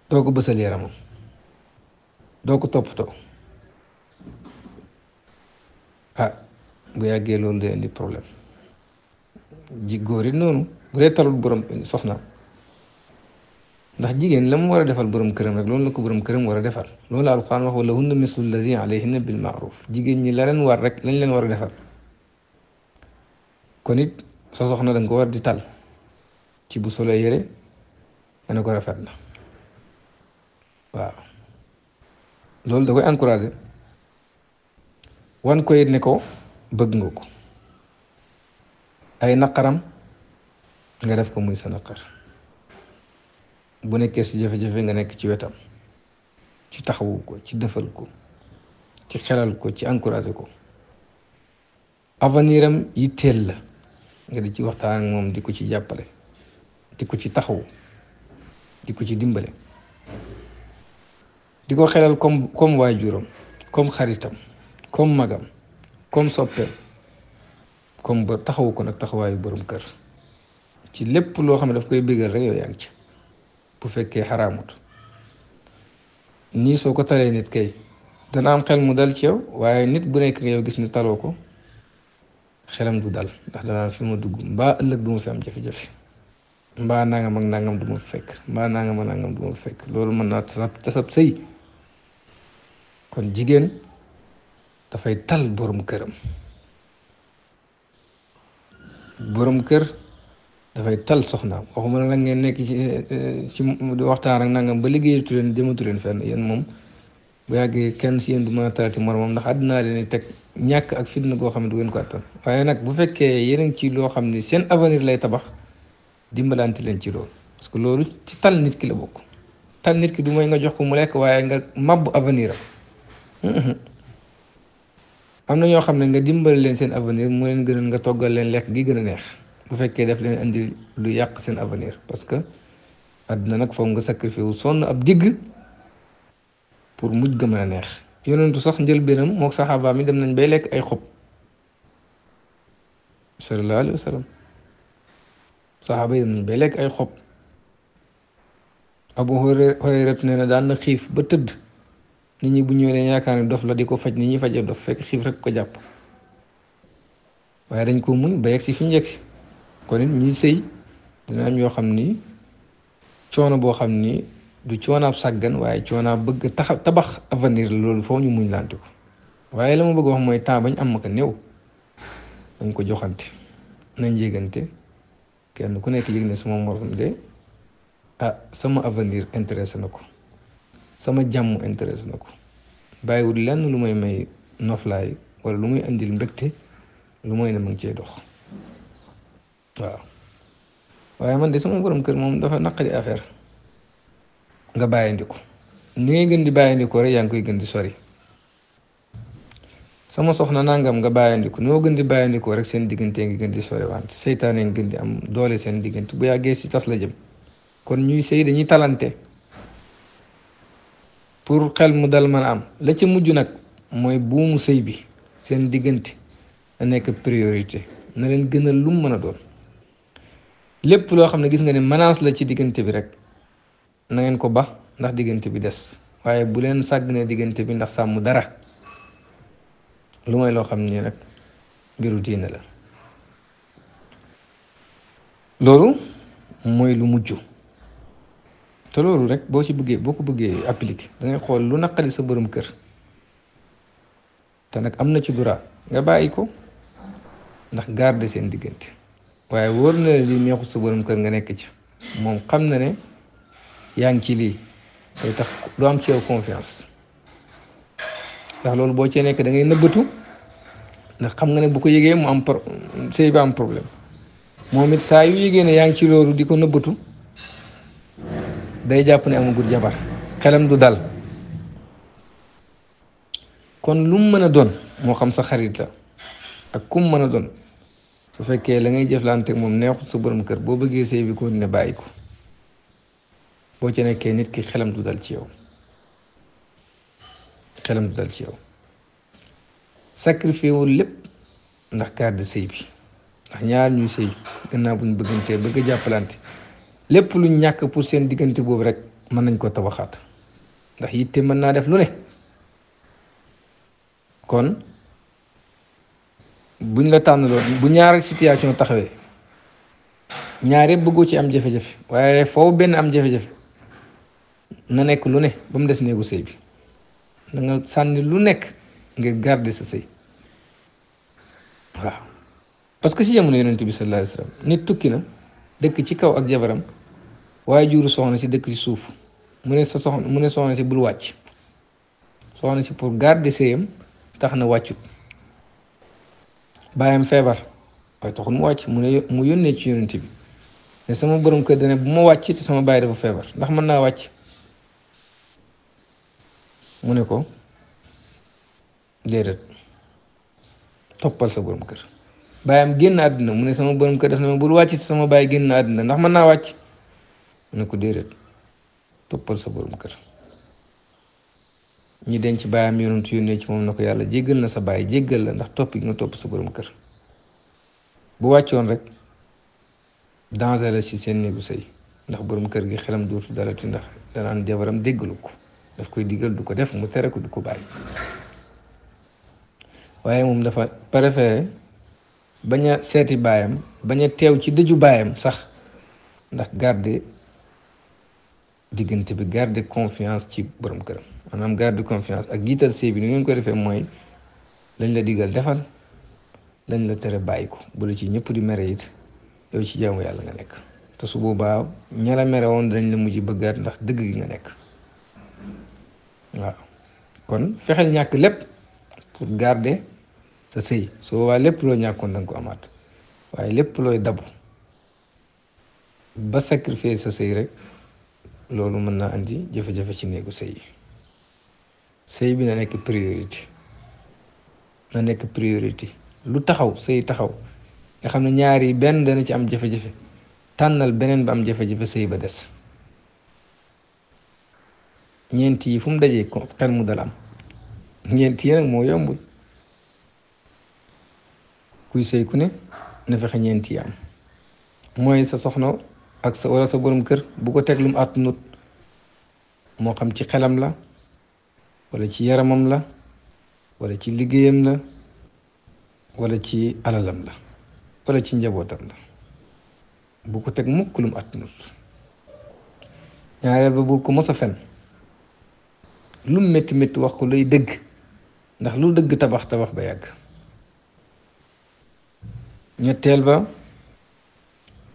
doo ko bësal yaramam doo ko toppatoo ah bu yàggee loolu day indi problème ji góor it noonu bu dee talul borom soxnaam ndax jigéen la mu war a defal borom këram rek loolu la ko borom këram war a defal loolu la alquran wax wala hunna mislu allazi alayhinna bil jigéen ñi la leen war rek lañ leen war a defal kon it sa soxna danga ko war di tal ci bu solo yére nga ne ko rafet la waaw loolu da koy encourager wan ko yit ne ko bëgg nga ko ay naqaram nga def ko muy sa naqar bu nekkee si jafe-jafe nga nekk ci wetam ci taxawu ko ci defal ko ci xelal ko ci encourager ko avenir am yitteel la nga di ci waxtaan moom di ko ci jàppale di ko ci taxaw di ko ci dimbale di ko xelal comme comme waajuram comme xaritam comme magam comme soppeem comme ba taxaw ko nag taxawaayu boroom kër ci lépp loo xam ne daf koy bégal rek yooyu yaa ngi ci bu fekkee xaraamut nii soo ko talee nit kay dana am xel mu dal ci yow waaye nit bu nekk nga yow gis ne taloo ko xelam du dal ndax danaan fi ma dugg mbaa ëllëg du fi am jafe-jafe mbaa nangam ak nangam du ma fekk mbaa nangam ak nangam du fekk loolu mën naa tasab tasab sëy kon jigéen dafay tal borom këram borom kër dafay tal soxnaam waxuma nag ngeen nekk ci eh, eh, ci waxtaan ak nangam ba liggéeyatu leen jëmatu leen fenn yéen moom bu yàggee kenn si yéen du mën a tarati ndax àddinaa leen teg ñàkk ak fitna goo xam ne du ngeen ko attan waaye nag bu fekkee yéen ci loo xam ni seen avenir lay tabax dimbalante leen ci loolu parce que loolu ci tal nit ki la bokk tal nit ki du mooy nga jox ko mu lekk waaye nga mabbu avenir am na ñoo xam ne nga dimbali leen seen avenir mu leen gënal nga toggal leen lekk gi gën a neex bu fekkee daf leen indi lu yàq seen avenir parce que àddina nag foog nga sacrifice wu sonn ab digg pour mujj ga mën a neex yonentu sax njëlbéenam mook saxaaba mi dem nañ bay lekk ay xob sallallahu alayhi wa saxaaba yi dem nañ bay lekk ay xob Abu Hurayra nee na daan na xiif ba tëdd nit ñi bu ñëwee dañ yaakaar ne dof la di ko faj nit ñi fajee dof fekk xiif rek ko jàpp waaye dañ ko mun ba yegg si fi ñu yegg si ñuy sëy dina am yoo xam ni coono boo xam ni du coonaab sàggan waaye coonaab bëgg taxa tabax avenir loolu foo ñu muñ lante ko waaye la ma bëgg wax mooy temps bañ am ko néew dañ ko joxante nañ yégante kenn ku nekk yég ne sama morom de ah sama avenir intéressé na ko sama jàmm intéressé na ko bàyyiwul lenn lu may may noflaay wala lu muy andil mbégte lu mooy ne mu ngi cee dox waaw waaye man de sama borom kër moom dafa naqari affaire nga bàyyandiko ni ngay gën di bàyyandikoo rek yaa ngi koy gën di sori sama soxna nangam nga bàyyandiku noo gën di bàyyandikoo rek seen diggante ngi gën di sori wante seytaanee ngi gën di am doole seen diggante bu yàggee si tas la jëm kon ñuy sëy dañuy talante pour xel mu dal mën a am la ci mujj nag mooy buumu sëy bi seen diggante a nekk priorité na leen gënal lu mu mën a doon lépp loo xam ne gis nga ne menace la ci diggante bi rek na ngeen ko ba ndax diggante bi des waaye bu leen sàgg ne diggante bi ndax sàmm dara lu may loo xam ni nag mbiru diine la loolu mooy lu mujj te loolu rek boo ci bëggee boo ko bëggee appliquer dangay xool lu naqali sa borom kër te nag am na ci dura nga bàyyi ko ndax garde seen diggante waaye wóor na li neexut sa borom kër nga nekk ci moom xam na ne. yaa ngi ci lii day tax du am ci yow confiance ndax loolu boo cee nekk da ngay nëbbatu ndax xam nga ne bu ko yëgee mu am pro sëy bi am problème moom it saa yu yëgee ne yaa ngi ci loolu di ko nëbbatu day jàpp ne amagul jabar xelam du dal kon lu mu mën a doon moo xam sa xarit la ak kum mën a doon su fekkee la ngay jëflante moom neexu sa borom kër boo bëggee sëy bi ko ne bàyyi ko boo ci nekkee nit ki xelam du dal ci yow xelam du dal ci yow sacrifié wul lépp ndax garde sëy bi ndax ñaar ñuy sëy gannaaw bu ñu bëggantee bëgg jàppalante lépp lu ñàkk pour seen diggante boobu rek mën nañ ko tabaxaat ndax yitte mën naa def lu ne kon buñ la tànnaloon bu ñaari situation taxawee ñaar yëpp bëggoo ci am jafe-jafe waaye foofu benn am jafe-jafe na nekk lu ne ba mu des néegu sëy bi na nga sànni lu nekk ngir garder sa sëy waaw parce que si jamono yonent bi sallallahu alayhi wasallam nit tukki na dëkk ci kaw ak jabaram waaye juru soxna si dëkk ci suuf mu ne sa soxna mu ne soxna si bul wàcc soxna si pour garder sëyam tax na wàccut bàyyam feebar waaye taxul mu wàcc mu ne mu yónnee ci yonent bi ne sama borom kër dana bu ma wàcc te sama bàyyi dafa feebar ndax mën naa wàcc mu ne ko déedéet toppal sa borom kër baayam génn àddina mu ne sama borom kër def na ma bul wàcc sama baay génn àddina ndax mën naa wàcc mu ne ko déedéet toppal sa borom kër ñi denc baayam yonent yónnee ci moom na ko yàlla jéggal na sa baay jéggal la ndax topp gi nga topp sa borom kër bu wàccoon rek danger la ci seen néegu sëy ndax borom kër gi xelam dootu dalati ndax danaan jabaram déggalu ko daf koy digal du ko def mu tere ko du ko bàyyi waaye moom dafa préféré bañ a seeti baayam bañ a teew ci dëju baayam sax ndax garder diggante bi garde confiance ci borom këram maanaam garder confiance ak jiital sëy bi ni ngeen ko defee mooy lañ la diggal defal lañ la tere bàyyi ko bu la ci ñëpp di mere it yow ci jaamu yàlla nga nekk te su boobaa ña la mere woon dañ la mujj bëggaat ndax dëgg gi nga nekk. waaw kon fexeel ñàkk lépp pour garder sa sëy su boobaa lépp loo ñàkkoon da ko amaat waaye lépp looy dabu ba sacrifier sa sëy rek loolu mën naa andi jafe-jafe ci néegu sëy yi sëy bi na nekk priorité na nekk priorité lu taxaw sëy taxaw nga xam ne ñaari benn dana ci am jafe-jafe tànnal beneen ba am jafe-jafe sëy ba des ñeent yi fu mu dajee ko xel mu dal am ñeent yi nag moo yombul kuy sëy ku ne na fexe ñeent yi am mooy sa soxna ak sa wala sa borom kër bu ko teg lum àttanut moo xam ci xelam la walla ci yaramam la walla ci liggéeyam la wala ci alalam la wala ci njabootam la bu ko teg mukk lum àttanut ñaareel ba bul ko mos a fen lu mu métti métti wax ko lay dëgg ndax lu dëgg tabax tabax ba yàgg ñetteel ba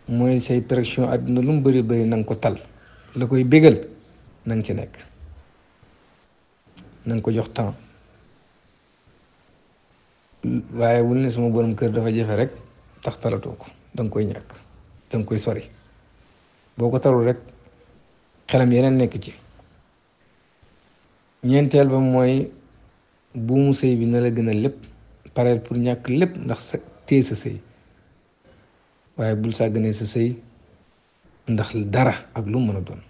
mooy say pression àdduna lu mu bari bari na nga ko tal la koy bégal na ci nekk na ko jox temps waaye wul ne sama borom kër dafa jafe rek tax talatoo ko danga koy ñàkk danga koy sori boo ko tarul rek xelam yeneen nekk ci ñeenteel ba mooy buumu sëy bi na la gën a lépp pareel pour ñàkk lépp ndax sa téye sa sëy waaye bul sàgganee sa sëy ndax dara ak lu mën a doon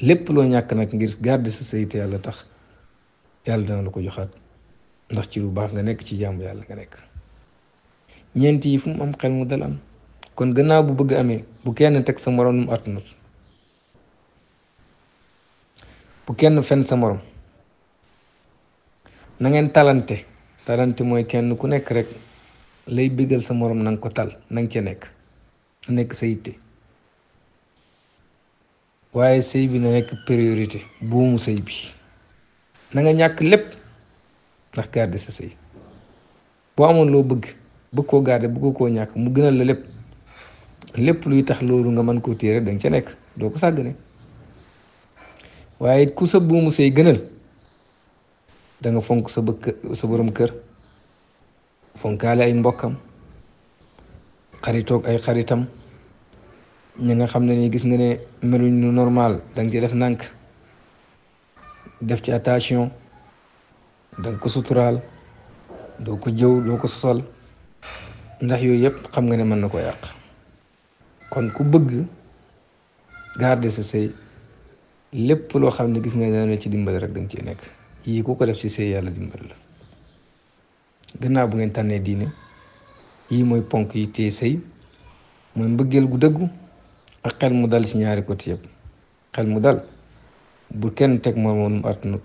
lépp loo ñàkk nag ngir garder sa sëy te yàlla tax yàlla dana la ko joxaat ndax ci lu baax nga nekk ci jàmm yàlla nga nekk ñeent yi fu mu am xel mu dal am kon gannaaw bu bëgg amee bu kenn teg sa moroom nu mu bu kenn fen sa morom na ngeen talante talante mooy kenn ku nekk rek lay bëggal sa morom nanga ko tal nanga ca nekk nekk sa yitte waaye sëy bi na nekk priorité buumu sëy bi na nga ñàkk lépp ndax garde sa sëy boo amoon loo bëgg bëgg koo garde bëgg koo ñàkk mu gënal la lépp lépp luy tax loolu nga mën koo téere danga ca nekk doo ko sàgg ne waaye ku sa buumu sëy gënal danga fonk sa bëkk sa borom kër fonkaale ay mbokkam xaritoog ay xaritam ñi nga xam ne ni gis nga ne meluñ nu normal danga ci def nànk def ci attention danga ko suturaal doo ko jëw doo ko sosal ndax yooyu yëpp xam nga ne mën na ko yàq kon ku bëgg garder sa sëy lépp loo xam ne gis nga dana ci dimbali rek danga cee nekk yii ku ko def ci sëy yàlla dimbali la gannaaw bu ngeen tànnee diine yii mooy ponk yi téye sëy mooy mbëggeel gu dëggu ak xel mu dal ci ñaari côté yëpp xel mu dal bu kenn teg moromam mu artanut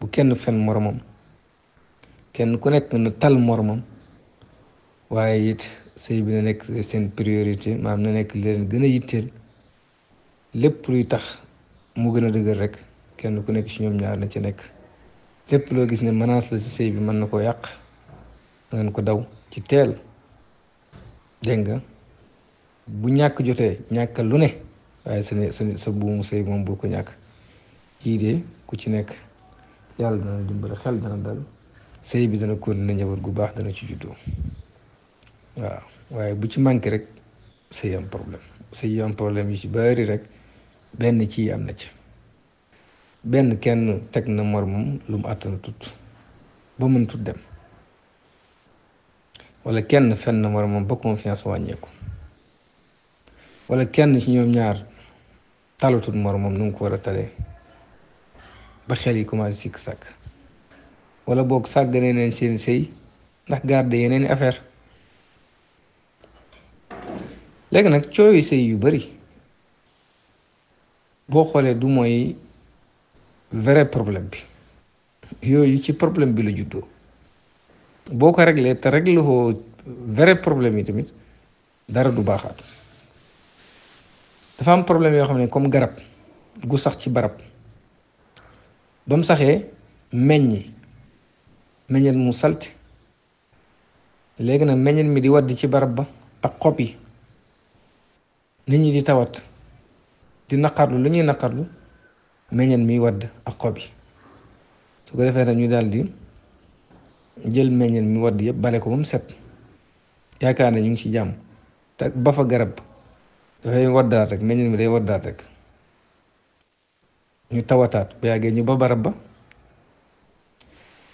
bu kenn fen moromam kenn ku nekk na tal moromam waaye it sëy bi na nekk seen priorité maam na nekk leen gën a yitteel lépp luy tax mu gën a dëgër rek kenn ku nekk ci ñoom ñaar na ci nekk lépp loo gis ne menace la ci sëy bi mën na koo yàq ngeen ko daw ci teel dégg nga bu ñàkk jotee ñàkkal lu ne waaye sa sa sa buumu sëy moom boo ko ñàkk yii de ku ci nekk yàlla dana dimbali xel dana dal sëy bi dana kon na njaboot gu baax dana ci juddoo waaw waaye bu ci manqué rek sëy am problème sëy am problème yu ci bari rek benn ci am na ci benn kenn teg na moromam lu mu àttana tut ba mun tut dem wala kenn fenn moromam ba confiance wàññeeku wala kenn ci ñoom ñaar talatut moromam nu mu ko war a tale ba xel yi commencé sikk sàkk wala boog sàgganee neen seen sëy ndax garde yeneen i affaire léegi nag cooyu sëy yu bari boo xoolee du mooy vrai problème bi yooyu ci problème bi la juddoo boo ko réglé te réglé ko vrai problème yi tamit dara du baaxaat dafa am problème yoo xam ne comme garab gu sax ci barab ba saxee meññi meññet mu salte léegi nag meññet mi di wadd ci barab ba ak xob yi nit ñi di tawat di naqarlu lu ñuy naqarlu meññeen mi wadd ak xob yi su ko defee nag ñu daal di jël meññeen mi wadd yëpp bale ko ba mu set yaakaar ne ñu ngi ci jàmm te ba fa garab dafay waddaat rek meññeen mi day waddaat rek ñu tawataat bu yàggee ñu ba barab ba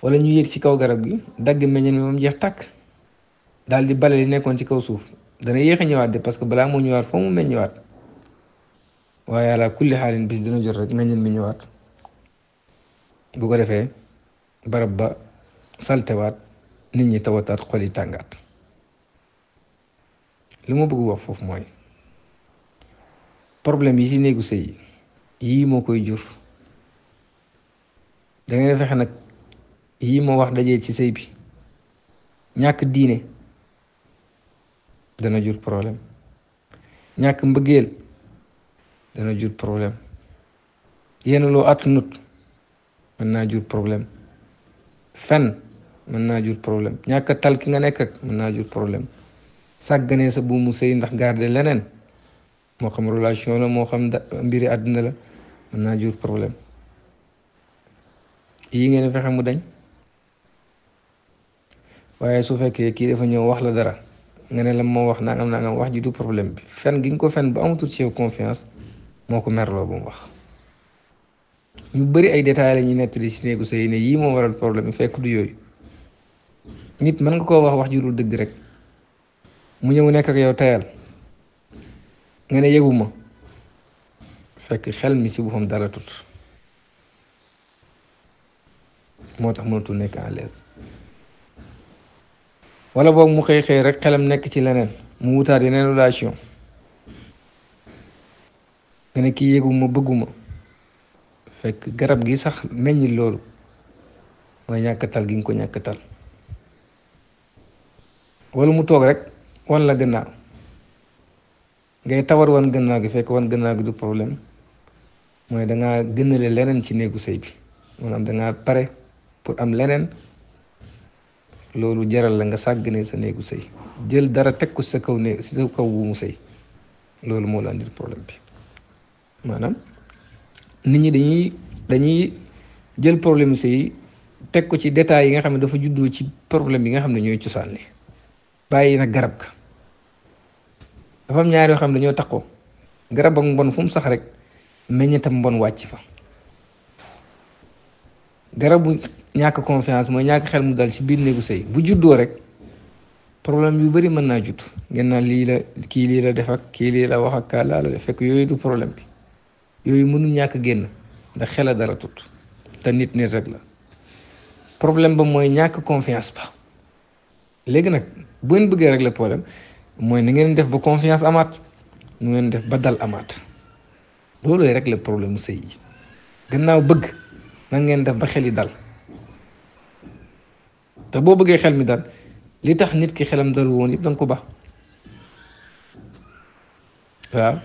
wala ñu yéeg ci kaw garab gi dagg meññeen mi ba mu jeex tàkk daal di bale li nekkoon ci kaw suuf dana yéex a ñëwaat de parce que balaa moo ñëwaat foo mu meññewaat waaye ala kulli xaalin bis dina jot rek meññin mi ñëwaat bu ko defee barab ba saltewaat nit ñi tawataat xol yi tàngaat li ma bëgg wax foofu mooy problème yi ci néegu sëy yii moo koy jur da ngay fexe nag yii moo wax dajee ci sëy bi ñàkk diine dana jur problème ñàkk mbëggeel dana jur problème yenn loo attanut mën naa jur problème fen mën naa jur problème ñàkk tal ki nga nekk ak mën naa jur problème sàgganee sa buumu sëy ndax garder leneen moo xam relation la moo xam mbiri àddina la mën naa jur problème yi ngeen fexe mu dañ waaye su fekkee kii dafa ñëw wax la dara nga ne la ma wax nangam nangam wax ji du problème bi fen gi nga ko fen ba amatul ci yow confiance moko ko merloo ba wax ñu bari ay détails la ñi netti ci néegu sëy ne yi mo waral problème fekk du yoy nit man nga ko wax wax ju dul dëgg rek mu ñëw nekk ak yow tayal nga ne yëguma fekk xel mi ci boppam dara tut motax mo tu nekk à l'aise wala bok mu xëy xëy rek xelam nekk ci leneen mu wutaat yeneen relation nga ne kii yëguma bëgguma fekk garab gi sax meññ loolu mooy ñàkk tal gi nga ko ñàkk tal wala mu toog rek wan la gannaaw ngay tawar wan gannaaw gi fekk wan gannaaw gi du problème mooy dangaa gënale leneen ci néegu sëy bi maanaam dangaa pare pour am leneen loolu jaral la nga sàgg ne sa néegu sëy jël dara teg ko sa kaw ne sa kaw bu mu sëy loolu moo la andil problème bi maanaam nit ñi dañuy dañuy jël problème sëy teg ko ci détails yi nga xam ne dafa juddoo ci problème yi nga xam ne ñooy cosaan le bàyyi nag garab ka dafa am ñaar yoo xam ne dañoo takkoo garab ak mbon fu mu sax rek meññetam mbon wàcc fa garab bu ñàkk confiance mooy ñàkk xel mu dal ci biir néegu sëy bu juddoo rek problème yu bari mën naa judd ngeen lii la kii lii la def ak kii lii la wax ak kaa la def fekk yooyu du problème bi yooyu mënul ñàkk génn ndax xel a dara tut te nit nit rek la problème ba mooy ñàkk confiance ba léegi nag bu ngeen bëggee régler problème mooy ni ngeen def ba confiance amaat nu ngeen def ba dal amaat loolooy régler problème mu sëy yi gannaaw bëgg nan ngeen def ba xel yi dal te boo bëggee xel mi dal li tax nit ki xelam dal woon yëpp da nga ko baax waaw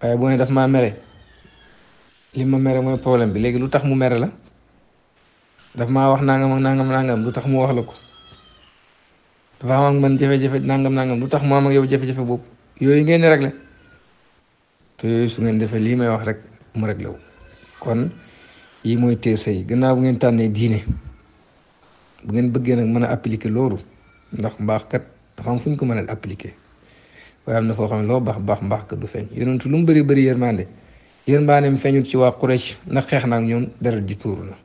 waaye boo ne daf maa mere li ma mere mooy problème bi léegi lu tax mu mere la daf maa wax nangam ak nangam nangam lu tax mu wax la ko dafa am ak man jafe-jafe nangam nangam lu tax mu am ak yow jafe-jafe boobu yooyu ngeen di réglé te yooyu su ngeen defee lii may wax rek mu réglé wu kon yi mooy tee sëy gannaaw bu ngeen tànnee diine bu ngeen bëggee nag mën a appliquer loolu ndax mbaax kat dafa am fu ñu ko mën a appliquer. waaye am na foo xam ne loo baax baax mbaax ka du feeñ yonentu lu mu bëri bëri yërmande yërmandeem feeñut ci waa Quraysh ndax xeex na ak ñoom deret ji tuuru na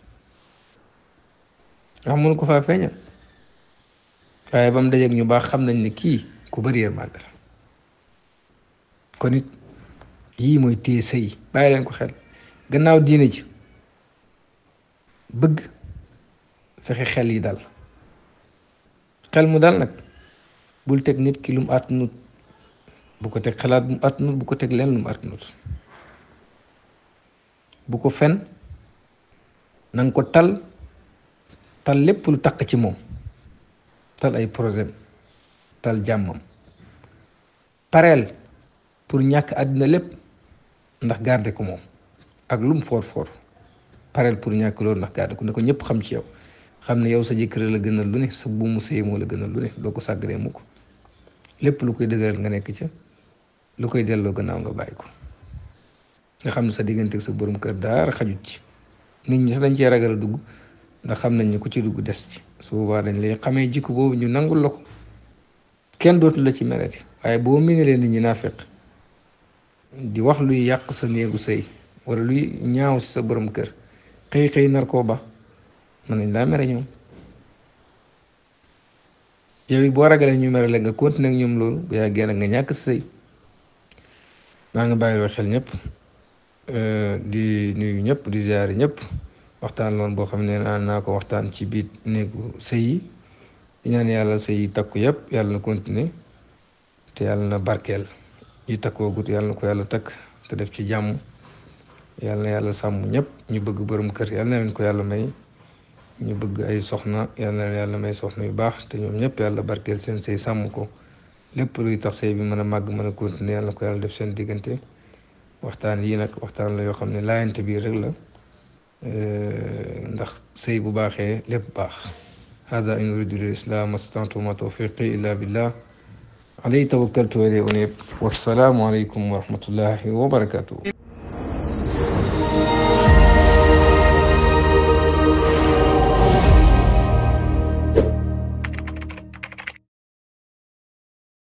ndax mun ko faa feeñal waaye ba mu dajeeg ñu baax xam nañ ne kii ku bëri yërmande la kon yii mooy téye sëy bàyyi leen ko xel gannaaw diine ji bëgg fexe xel yi dal xel mu dal nag bul teg nit ki lu mu àttanut bu ko teg xalaat mu àttanut bu ko teg lenn mu àttanut bu ko fen nanga ko tal tal lépp lu taq ci moom tal ay projet tal jàmmam pareel pour ñàkk àddina lépp ndax garde ko moom ak lum foor foor pareel pour ñàkk loolu ndax garde ko ne ko ñëpp xam ci yow xam ne yow sa jëkkër la gënal lu ne sa buumu sëy moo la gënal lu ne doo ko sàggaree mukk lépp lu koy dëgëral nga nekk ca lu koy delloo gannaaw nga bàyyi ko nga xam ne sa diggante sa borom kër daara xajut ci nit ñi sax dañ cee ragal a dugg ndax xam nañ ne ku ci dugg des ci soo boobaa dañ lay xamee jikko boobu ñu nangul la ko kenn dootu la ci mereti waaye boo miinalee nit ñi naa fekk di wax luy yàq sa néegu sëy wala luy ñaaw si sa borom kër xëy xëy nar koo ba mën nañ laa mere ñoom yow it boo ragalee ñu mere la nga continuer ak ñoom loolu bu yàggee nag nga ñàkk sa sëy maa ngi bàyyiloo xel ñëpp euh, di nuyu ñëpp di ziar ñëpp waxtaan loon boo xam ne naa ko waxtaan ci biir néegu sëy yi di ñaan yàlla sëy yi yëpp yàlla na continuer te yàlla na barkeel yi takkoo gut yàlla na ko yàlla takk te def ci jàmm yàlla na yàlla sàmm ñëpp ñu bëgg borom kër yàlla na leen ko yàlla may ñu bëgg ay soxna yàlla na leen yàlla may soxna yu baax te ñoom ñëpp yàlla barkeel seen sëy sàmm ko lépp luy tax sëy bi mën a màgg mën a continuer yàlla ko yàlla def seen diggante waxtaan yii nag waxtaan la yoo xam ne laayante bi rek la ndax sëy bu baaxee lépp baax hada in uridu lil islam astantu ma tawfiqi illa billah عليه توكلت wa ونيب والسلام عليكم ورحمة الله وبركاته